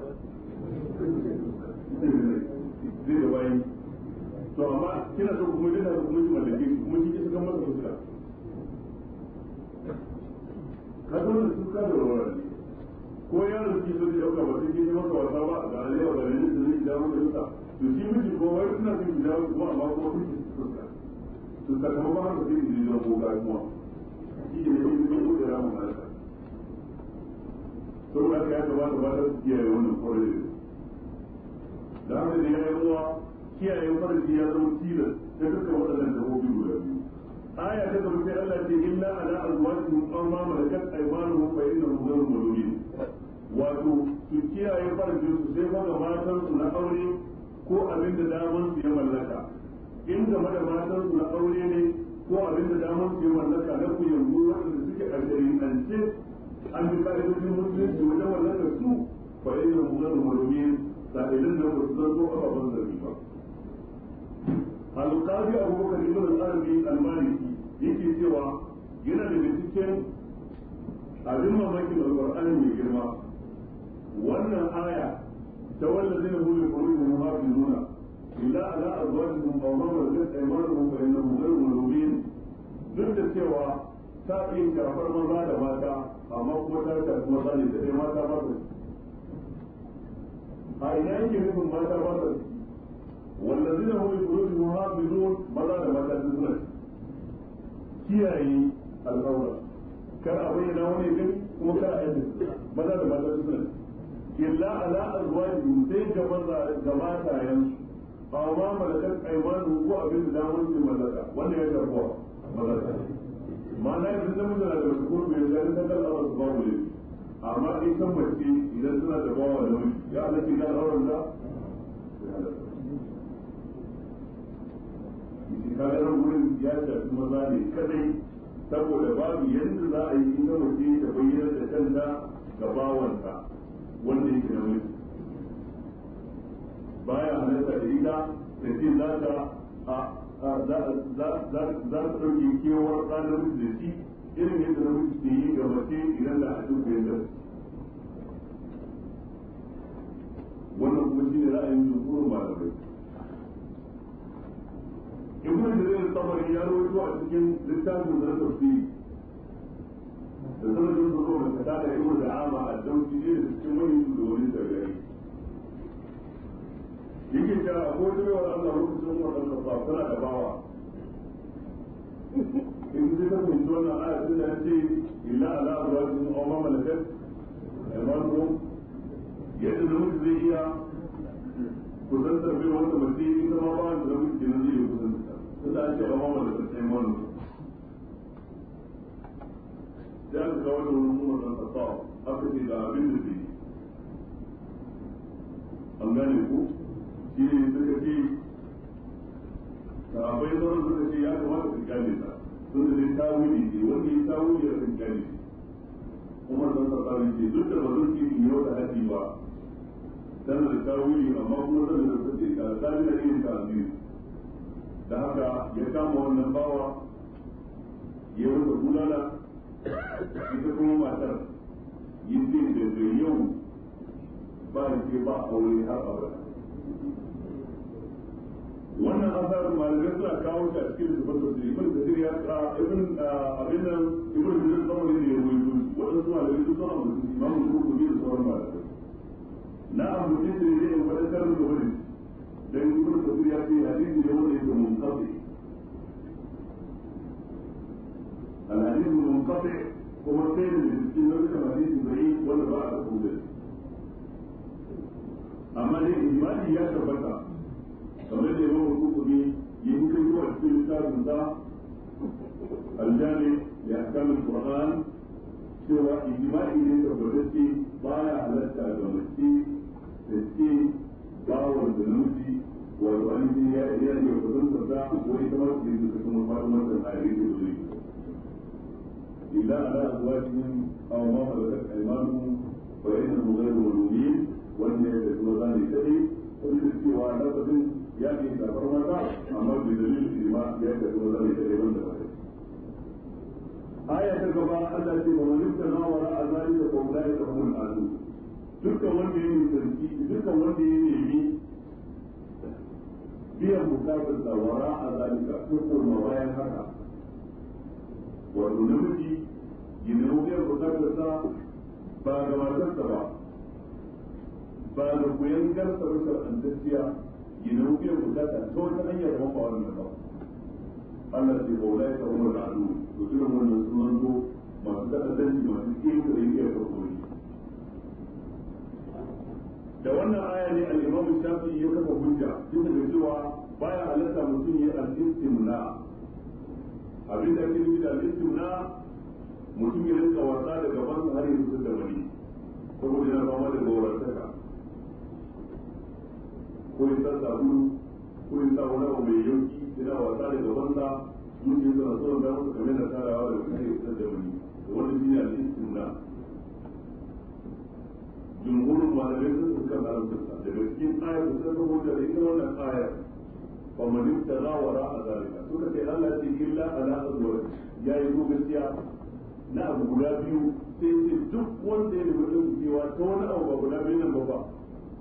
[SPEAKER 1] zai da bayan to amma kina son kuma dina da kuma mallake kuma shi ke suka masa fuska ka da su da rawar ko yaron shi so da ka wata gidi maka wata ba da alewa da ne da ne da mun da to shi miji ko wai suna son gida kuma amma ko shi so da to ta kuma ba ka gidi da ko ga kuma shi ne shi ne ko da ramu na to ba ka ya ba ba ta kiyaye wannan kwarai da haka da ya yi ruwa kiyaye farji ya zama tilas ta dukkan waɗannan dabbobi guda biyu aya ta zama sai Allah ce illa ala azwajihim aw ma malakat aymanuhum fa wato su kiyaye farajin su sai ga matan su na aure ko abin da daman su ya mallaka in game da matan su na aure ne ko abin da daman su ya mallaka na ku yanzu wanda suke a shari'ance an bi ka'idojin musulunci wajen mallakar su fa yin ramunan a sa'ilin da ba su zanto ababen zargi ba alƙafi abubakar ibn al-arabi al-maliki yake cewa yana da cikin abin mamakin alƙur'ani mai girma wannan aya ta wanda zai bude kuri da mafi nuna illa ala azwajihim aw ma malakat aymanuhum fa innahum ghayru mulubin duk da cewa ta iya shafar maza da mata amma kuma ta shafi maza ne da dai mata ba su a ina yake nufin mata ba su wallazina hum bi furujihim muhafizun maza da mata duk suna kiyaye al'aura kar a bayyana wani din kuma kar a yadda maza da mata suna illa ala azwaji sai ga maza ga matayen su amma malakan aimanu ko abin da damar su mallaka wanda ya tarbuwa mallaka ma'ana idan da mutane da su kuma bai zai ta kalla ba su ba mu ne amma in san mace idan suna da bawa da miji ya alaƙi na auren da kaga nan gurin ya shafi maza ne kadai saboda babu yadda za a yi na waje da bayyana da kanta ga bawansa wanda yake da mulki baya halatta da ita da ce za ta za ta ɗauke kewar ɗanar da shi irin yadda na mutu ke yi ga mace idan da a duk yadda wannan kuma shi ne ra'ayin jumhurin malamai ibn jarir tabari ya rawaito a cikin littafin da na tafsiri da sanadin da zo da kada da ibn da'ama a dauki ne da cikin wani da wani tabi'ai yake ta ko da yawa Allah lokacin wannan da tana da bawa in ji ta kunci wannan aya sun da ce illa ala abrazin aw ma malakat almarhum yadda da mutum zai iya kusantar bai wanda mace ita ma ba da mutum zai iya tun da an ce amama da ta ce manu sai aka kawo da wurin kuma da tsasa aka ce da abin da zai an gane ku shi ne suka ce da abai zama suka ce ya kamata su gane ta tun da zai tawuli ne wanda ya tawuli ya kan gane kuma da tsasa ne ce duk da ba zai ce yau da haɗi ba tana da tawuli amma kuma tana da tsasa ta tana da yin ta'aziri da haka ya kama wannan bawa ya rufe bulala ita kuma matar yi ce da zai yau ba da ke ba a wuri har abada wannan asar malamai suna kawo ta cikin zubar da zai ibn kasir ya ka ibn abin nan ibn kasir kamar ne ya rubutu waɗansu malamai sun san abu imamu kurkubi da sauran malamai na abu ne da ya yi wadatar da wani لأن كل قضية في حديث يولد منقطع الحديث المنقطع هو خير من كل حديث بعيد ولا بعد قبول amma dai imani ya tabbata kamar da yawan hukumi ya yi kai zuwa cikin littafin sa aljami ya kamun qur'an cewa imani ne tabbatacce baya halatta ga mace da ce bawon da namiji والوالد يأتي وتنسى ساعة ويتمرد لتكون فاطمة الحديث الغريب إلا على أزواجهم أو ما ملكت أيمانهم فإنهم غير ملومين وأن يكون ذلك شيء قلت في وعلاقة يعني إذا فرمت أمر بدليل الإجماع يكون ذلك شيء aya ta gaba Allah ce ba wani ta nawara a zalika ko da biyan bukatar da wara a zalika ko kuma bayan haka wato namiji ya nemi biyan bukatar sa ba da matarsa ba ba ga koyan garsa ba shar'antacciya ya nemi biyan bukata ta wata hanyar ba wannan ba Allah ce ba wula ya kawo da adu to irin wannan sunan zo masu ta'addanci masu ƙin da yake ya farko da wannan aya ne al-Imam Shafi'i ya kafa hujja duk da cewa baya halatta mutum ya al-istimna abin da ake nufi da al-istimna mutum ya rinka wasa da gaban har yanzu da wani saboda yana fama da gaurantaka ko ya sa sabulu ko ya sa wani abu mai yauki yana wasa da sa mutum ya zama tsoron da mutum kamar da tarawa da kuma ya fitar da wani wani shi ne al-istimna jumhurin malamai sun suka haramta daga cikin ayar da suka rubuta da ita wannan ayar fa rawara a wara azalika suka ce Allah ce illa ala azwaj yayi ko gaskiya na abu guda biyu sai ce duk wanda ya nemi dinkewa ta wani abu ba guda biyu nan ba ba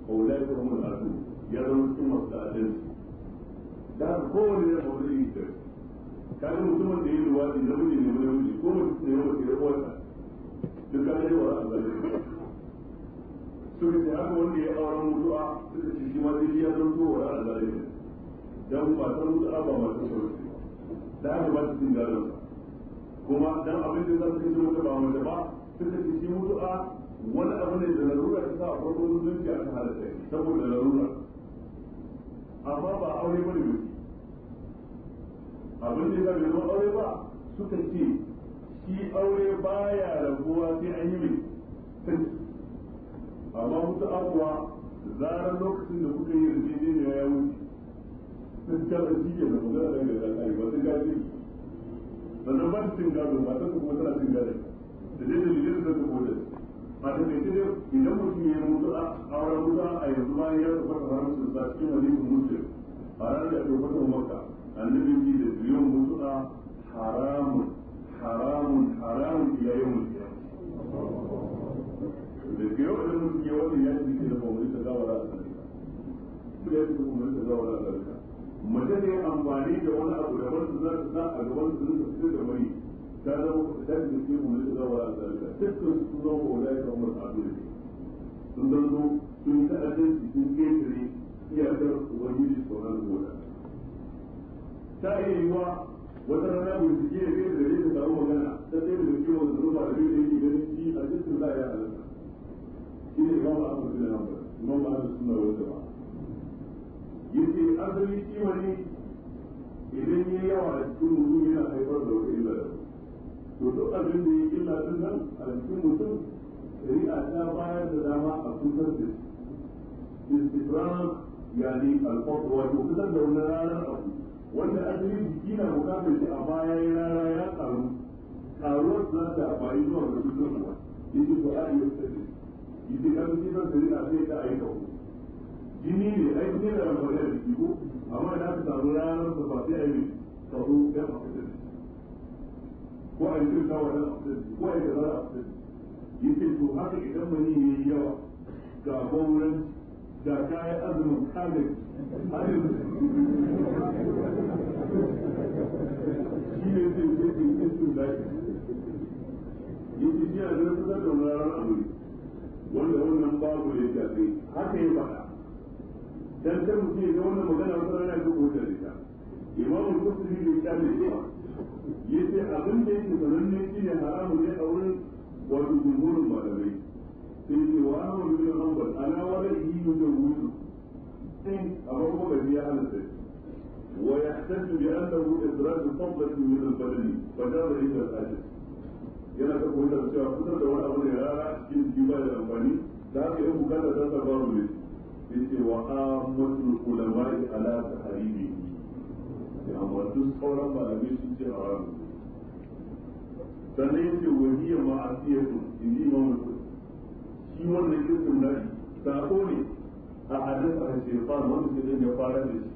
[SPEAKER 1] ko la ya kuma al'adu ya zama cikin masu ta'adin da haka kowane ne ba zai yi ta kaga mutumin da ya yi na namiji ne namiji ko mutum ne ya mace ya uwarsa duk kaga yawa a zalika to da haka wanda ya auren mutuwa duk da shi ma duk ya zanto wa ra'a zalimi dan ba san mutuwa ba ma su sauki da haka ba su jin gadon kuma dan abin da za su yi wata ba wanda ba duk da shi mutuwa wani abu ne da larura ta sa a farko musulunci a kan halatta saboda larura amma ba aure ba ne mutu abin da ya zama aure ba suka ce shi aure baya rabuwa sai an yi mai amma mutu abuwa zarar lokacin da kuka yi yarjejeniya ya wuce sun kada shi ke da magana da ga zan ayi ba sun gaji sannan ba su cin gado ba ta kuma tana cin gado da dai dalilin da ta kodin a ta kai dai idan mutum ya mutu a auren mutu a yanzu ma ya ta da haramcin sa cikin wani muslim a ranar da ya tafi maka a annabin ji da biyan mutu a haramun haramun haramun iya yawan da ke yau da mutum ya wani ya ji ke da mawani da zawara a sarka su ya ji da da zawara a sarka mace ne amfani da wani abu da wani za su sa a gaban su duka su da mai ta zama ku ta ji ke mawani da zawara a sarka dukkan su zama ko da ya a abu da ke sun zanto sun yi adalci sun ƙetare iyakar ubangiji sauran gona ta iya yiwa wata rana bincike ya kai da zai ta samu magana ta sai da ciwon zurufa da zai da yake ganin shi a cikin za a yi halatta shi ne imamu ahmad bin hanbal imamu ahmad sunna wal jama'a yace asali imani idan yayi yawa a cikin mutum yana haifar da wata illa da to duk abin da ya illa din nan a cikin mutum shari'a ta bayar da dama a kusan da shi istibram yani al-faqr wa kusan da wannan ranar abu wanda asali jiki na bukatar shi a baya ya rana ya karu karuwar za ta bayi zuwa ga dukkan kuwa yake to a yi yace ka fi son shari'a sai ka aika ku jini ne ai ne da amfani da jiki ko amma da aka samu ranar da ba sai ai tsaro ya ma fitar ko ai shi ta wannan fitar ko ai da zara yi yace to haka idan mani ne yawa ga bauran da yi azumin kalin halin shi ne zai ce ke cikin daji yi shi a zai fitar da wani ranar wanda wannan babu littafi haka ya faɗa dan kan mutum ya wannan magana wata rana ko ko da ita imamu kusuri bai ta ne ba yace abin da yake sananne shine haramun ne a wurin wato jumhurin malamai sai ce wa amma bin hanbal ana wara'i yudawudu sai amma kuma bai ya halatta ويحتج بأنه إدراك فضلة من البدن فجاب إلى الآجل yana ta koyi da cewa kusa da wani abu ne rara cikin jiki ba da amfani da haka yin bukata ta sa babu ne sai ce wa amatul ulama'i ala taharibi ya amma duk sauran malamai sun ce a haram sannan yace ma a ma'asiyatu in ji imam shi wannan kirkin nashi sako ne a hadis a shefan wanda shi ya fara da shi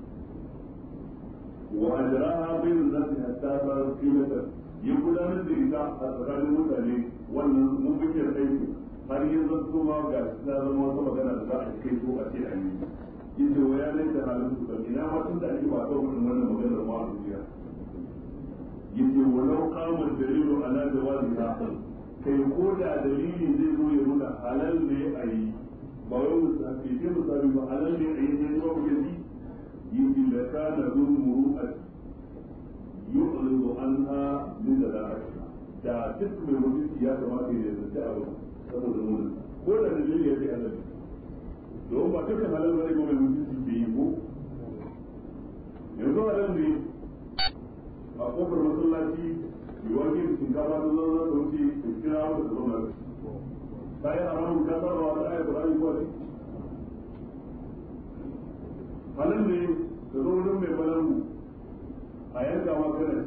[SPEAKER 1] wa ajraha bayin nasi hatta ta qilatan yi gudanar da ita a tsakanin mutane wannan mummukin aiki har yi zanto ma ga na zama wata magana da za a kai so a ce a yi yace wa ya laita halin su kan ina ma tun da ake ba ta wannan wannan maganar ma a duniya yace walau qamar dalilu na jawaziha kai ko da dalili zai zo ya nuna halal ne a yi ba wai musafi ce musafi ba halal ne a yi ne ba ku yaji yace da kana zumuru a يؤلم أنها من ذلك دا تلك من مجلس يا كما كي يتجعب سبب المولد كل الذي يجي على الذي لو ما تلك هل الوريق من مجلس بيبو يوضع الأنبي أقوم برمض الله تي يواجه بسنكابات الله ونسي بسنكابات الله ونسي فهي أرام كثر وعلى آية برامي كوالي فلن لي تدور لهم يبنانو a yanka ma kana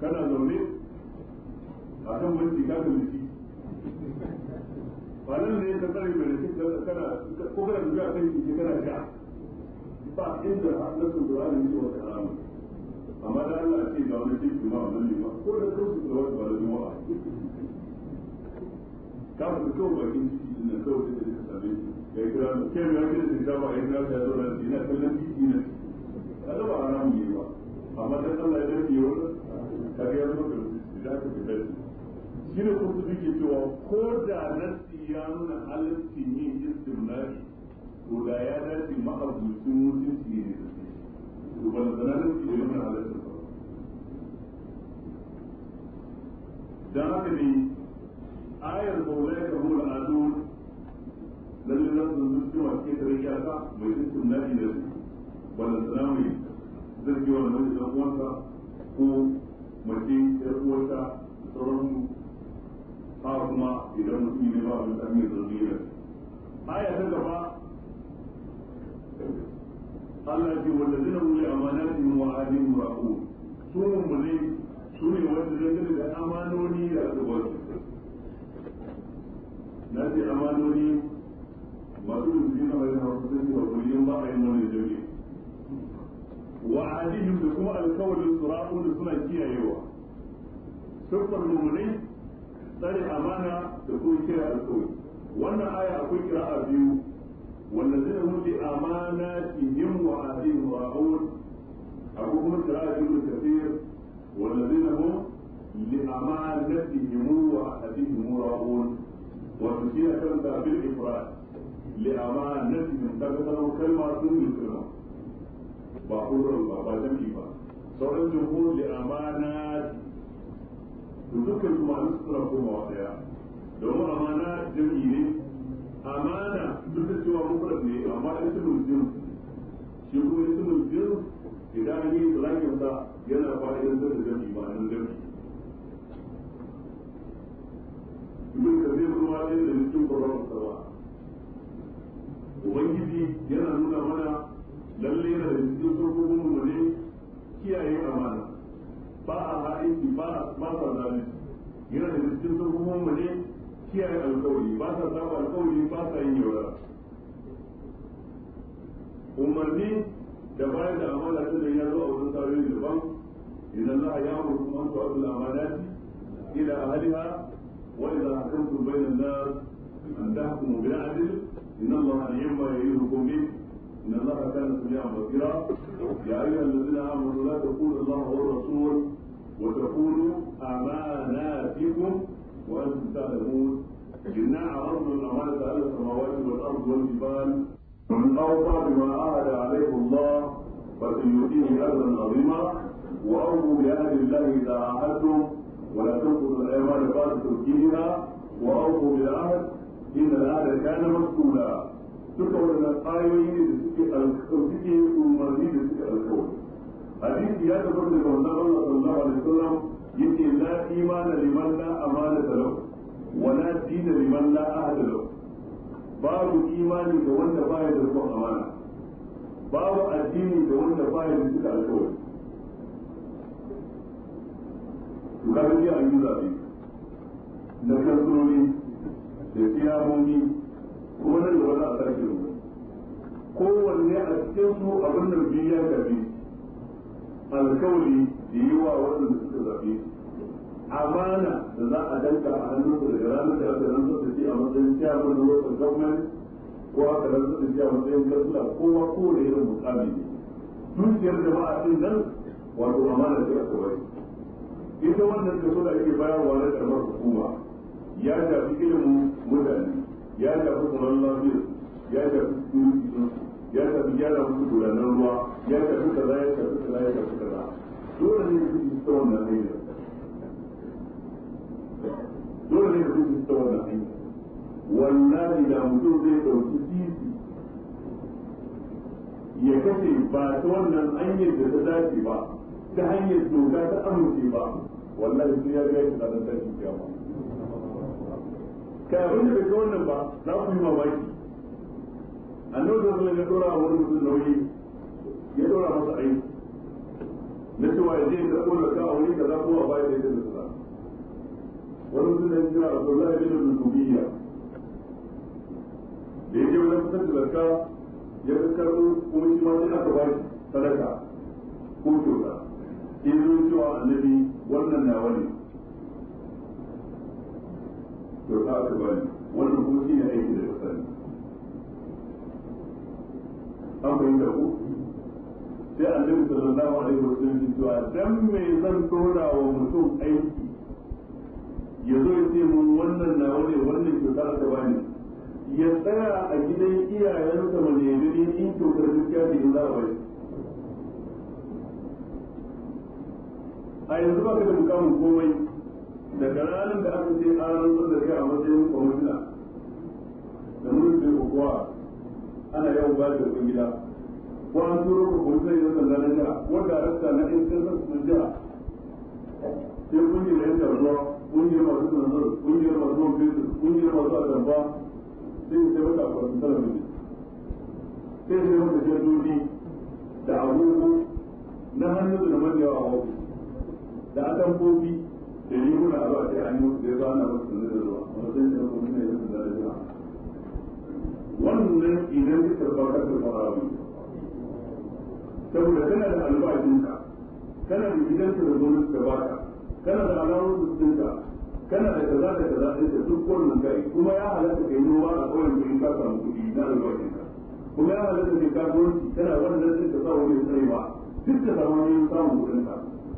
[SPEAKER 1] kana zaune a kan mulki ka ga mulki ba nan ne ka tsare mai rikin kana ko kana tafiya a kan kike kana sha ba inda nasu da wani wata alamu amma da Allah ce ga wani cikin ma wannan ne ko da kansu da wani wani juma'a ka fi kawai bakin ciki na kawai da ta same shi ya kira mu kai ya ta ba ya kira shi ya zo ran ina kallon ciki na ciki هذا آية ما أنا مجيبا أما تسأل لا يدري يقول كذي أنا بقول إذا كنت بدي شنو كنت بيجي توا كودا نسي يانونا على السنين استمناري ولا يا ناس ما أبغى سنون سنين وبلغنا نسي يانونا على السنين dan haka ne ayar maulai ka hula ado lalle za su zuci wa ke tare kyasa mai cikin nadi da su wannan suna mai zargi wannan mai ɗan uwansa ko mace ɗan uwansa da sauransu haka kuma idan mutum ne ba abin da mai zargi ne aya ta gaba Allah ce wallazina hum li amanatihim wa ahdihim ra'un su mu ne su ne wanda dangane da amanoni da aka ba su na ce amanoni masu rubutu na bayan hausa sun ce wa kullum ba a yi mana jami'a wa alihim da kuma alkawalin surafo da suna kiyayewa siffar numunai tsare amana da kuma kira alkawali wannan aya akwai kira a biyu wanda zai wuce amana ihim wa alihim aun akwai kuma kira a biyu da kafir wanda zai amana wa zama لأمانتهم وعهدهم راؤون وتشير كلمة بالإفراد لأمانتهم تكثر كلمة دون الكلمة ba kullum ba ba jami'i ba sauran jumhur li amana dukkan kuma su suna wa daya domin amana jami'i ne amana duk da cewa mufrad ne amma mun jin shi kuma mun jin idan an yi zalakin sa yana fa'idan da jami'i ba nan jami'i duk da zai kuma ɗaya da cikin kwarar ba ubangiji yana nuna mana lalle yana da cikin kurkukun mu ne kiyaye amana ba a ha'inci ba ba sa zalunci yana da cikin kurkukun mu ne kiyaye alkawari ba sa saba alkawari ba sa yin yaudara umarni da bayan da amana ta da ya zo a wurin tarihi daban idan za a yi amur kuma an tuwa da amana ila ahliha wa idza hakamtum bayna an-nas an tahkumu bil adl inna allaha yamma yuhibbu ان الله كان سميعا بصيرا يا ايها الذين امنوا لا تقولوا الله والرسول وتقولوا اماناتكم وانتم تعلمون انا عرضنا الامانه على السماوات والارض والجبال ومن اوفى بما أعد عليه الله فسيؤتيه اجرا عظيما واوفوا بعهد الله اذا عاهدتم ولا تنقصوا الايمان بعد توكيدها واوفوا بالعهد ان العهد كان مسؤولا duka waɗannan ayoyi ne da suke suke umarni da suke alkawari hadisi ya tabbata daga wannan Allah sallallahu alaihi wasallam yace la imana liman la amana lahu wa la dina liman la ahada lahu babu imani ga wanda baya da rubon amana babu addini ga wanda baya da suka alkawari to kaga an yi zabe na kansuloli da kiyamomi kuma nan da wani a sake rubu kowanne a cikin su abin da biyu ya gabi alkawari da yi wa da suka zaɓe amana da za a danka a hannun su daga ranar da aka rantsar da shi a matsayin chairman da local government ko aka rantsar da shi a matsayin kansula kowa kowane irin mukami ne dukiyar a cikin nan wato amana ce aka wari ita wannan kaso da ake bayarwa na karamar hukuma ya tafi ilimin mutane ya shafi kuran lafiyar ya shafi cikin ya shafi gyara musu gudanar ruwa ya shafi kaza ya shafi kaza ya shafi kaza dole ne da su ta wannan hanyar dole ne da su ta wannan hanyar wallahi da mutum zai ɗauki titi ya kashe ba ta wannan hanyar da ta dace ba ta hanyar doka ta amince ba wallahi sun ya ga ya ta tsadan tashi kiyama kafin da bai wannan ba za ku yi mamaki annabi sallallahu alaihi wasallam ya dora wa wani nauyi ya dora masa aiki na cewa ya je karɓo da ka ka za baya da yadda da wani mutum da ya kira da ya je wajen fitar da ya karɓo kuma shi ma sai aka ba shi sadaka ko kyauta sai zo wannan na wani kyauta aka bani wannan kuma shi ne aiki da kasa ne an fahimta ku sai annabi sallallahu alaihi wa sallam ya cewa dan me zan dora wa mutum aiki ya zo ya ce mun wannan na wani wannan kyauta aka bani ya tsaya a gidan iyayensa mai yadda in kyautar gaskiya ce in za a bai a yanzu ba ka da mukamin komai daga ranar da aka ce an rantsar da kai a matsayin kwamishina da mulkin kokowa ana yawan ba da kudin gida ko an turo ka kuma zai yi sanda na jiha ko darakta na yan kasar na jiha sai kungiyar yan taruwa kungiyar masu tsanzar kungiyar masu man fetur kungiyar masu adamba sai ya taimaka a kwasan talabijin sai ya taimaka shaidodi da agogo na hannu da na majiyawa a ofis da atambobi da yi kuna a zuwa sai an yi musu ba na musu sun da zuwa wani sai da kuma ne yin da zuwa wannan idan ka karba ka karba arabi saboda kana da albashinka kana da gidanka da gwamnati da baka kana da alamun dinka kana da kaza da kaza din da duk wannan kai kuma ya halatta kai noma a kawai da in ka samu kuɗi na albashinka kuma ya halatta kai kasuwanci kana wannan din da sa wani sai ba duk da samu ne samun kuɗin ka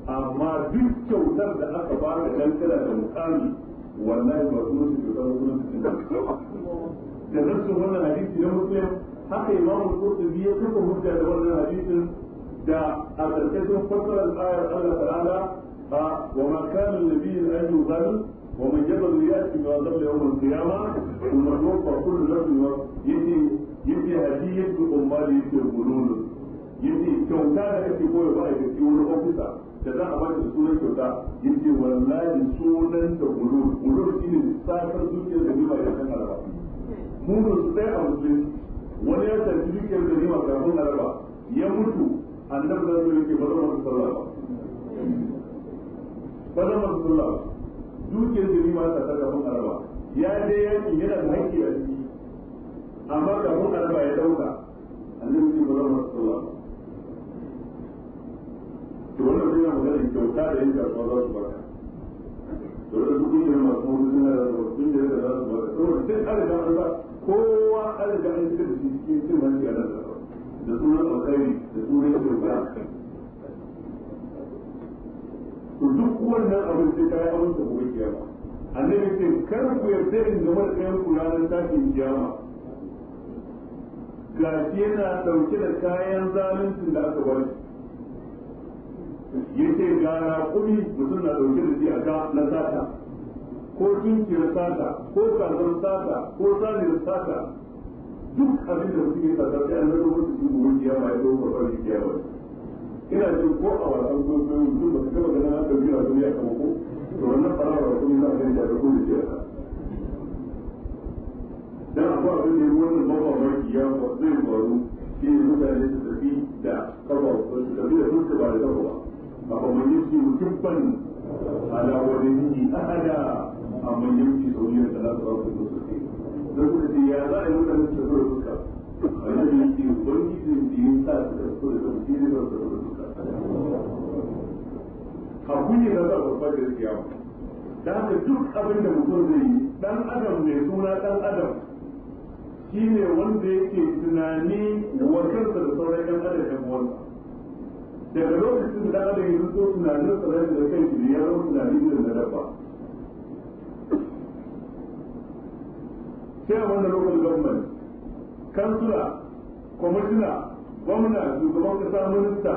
[SPEAKER 1] amma duk kyautar da aka ba da dan da mukami wallahi ba su su kyautar sunan su da nasu wannan hadisi na muslim haka imamu qurtubi ya kafa hujja da wannan hadisin da a ƙarƙashin fassarar ayar Allah ta'ala a wa ma kana an yuzal wa man jabal yati bi azab yawm al-qiyamah thumma yuwaffa kullu nafsin ma yati yati hadiyatu ummali yati bulun yati kyauta da kake koyo ba a yi wani ofisa da za a ba da sunan kyauta yake wallahi sunan da gulur gulur shine sakar dukiyar da bima ya san araba mun su sai a musulunci wani ya tafi dukiyar da bima kafin araba ya mutu annabi da zai yake bazan masu sallah ba bazan masu sallah dukiyar da bima ta ta kafin araba ya je yaki yana da haƙƙi a ciki amma kafin araba ya dauka annabi da bazan masu sallah ba to wannan zai na kyauta da yin kasuwa za su baka to duk ne masu hudu suna da yi da za su baka saboda sai an riga an za kowa an riga an shiga da shi cikin cin hanci a nan da sunan alkhairi da sunan kyauta to duk wannan abin sai kayi abin da gobe kiyama annabi ce kar ku yarda in zama da ɗayan ku ranar tashin kiyama gashi yana ɗauke da kayan zalunci da aka bari yake ga kuɗi mutum na ɗauke da shi a ga na sata ko tunkiyar sata ko kazar sata ko saniyar sata duk abin da mutum ya sata sai an zama mutum shi gobe ya ma ya zo farfar shi ya ba ina ce ko a wasan kwaikwayo mutum ba ka gaba ganin haka biyu a duniya kama ko to wannan farawa raƙumi za a gani da raƙumi da shi dan abu abin da ya wannan mamamarki ya zai faru shi mutane su tafi da kafa da tafi da ba da kafa ba فمن يمسك كبا على وليه أحدا أما يمشي سويا ثلاثة أو ست سنين يا لا يقول أن تسوي da za a babbar da kiyama da haka duk abin da mutum zai yi dan adam mai suna dan adam shine wanda yake tunani wa kansa da sauran dan adam da uwansa daga lokacin da aka yi zuwa tunanin tsarar da kai shi ya zama tunanin da na dabba sai a wanda lokacin gwamnati kansula kwamishina gwamna shugaban kasa minista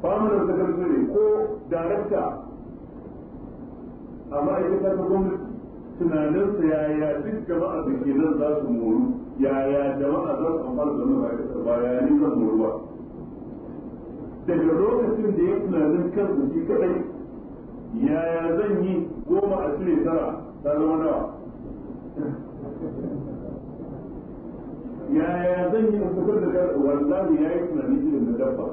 [SPEAKER 1] famanar ne ko darakta a ma'aikata ta gwamnati tunaninsa yaya duk jama'a da ke nan za su moru yaya jama'a za su amfana da wannan ma'aikatar ba zan ne moruwa daga lokacin da ya tunanin kansa shi kadai yaya zan yi goma a cire tara ta zama nawa yaya zan yi fitar da kar wallahi yayi tunani irin na dabba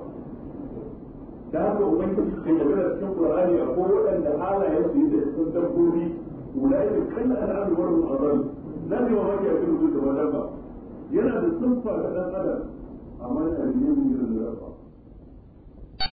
[SPEAKER 1] da haka ubangiji ke magana cikin qur'ani akwai waɗanda halayen su da cikin dabbobi ulaika kan al'adu wa al-azam nan ne mamaki a cikin zuciya dabba yana da sunfa da dan adam
[SPEAKER 2] amma yana da yin irin da dabba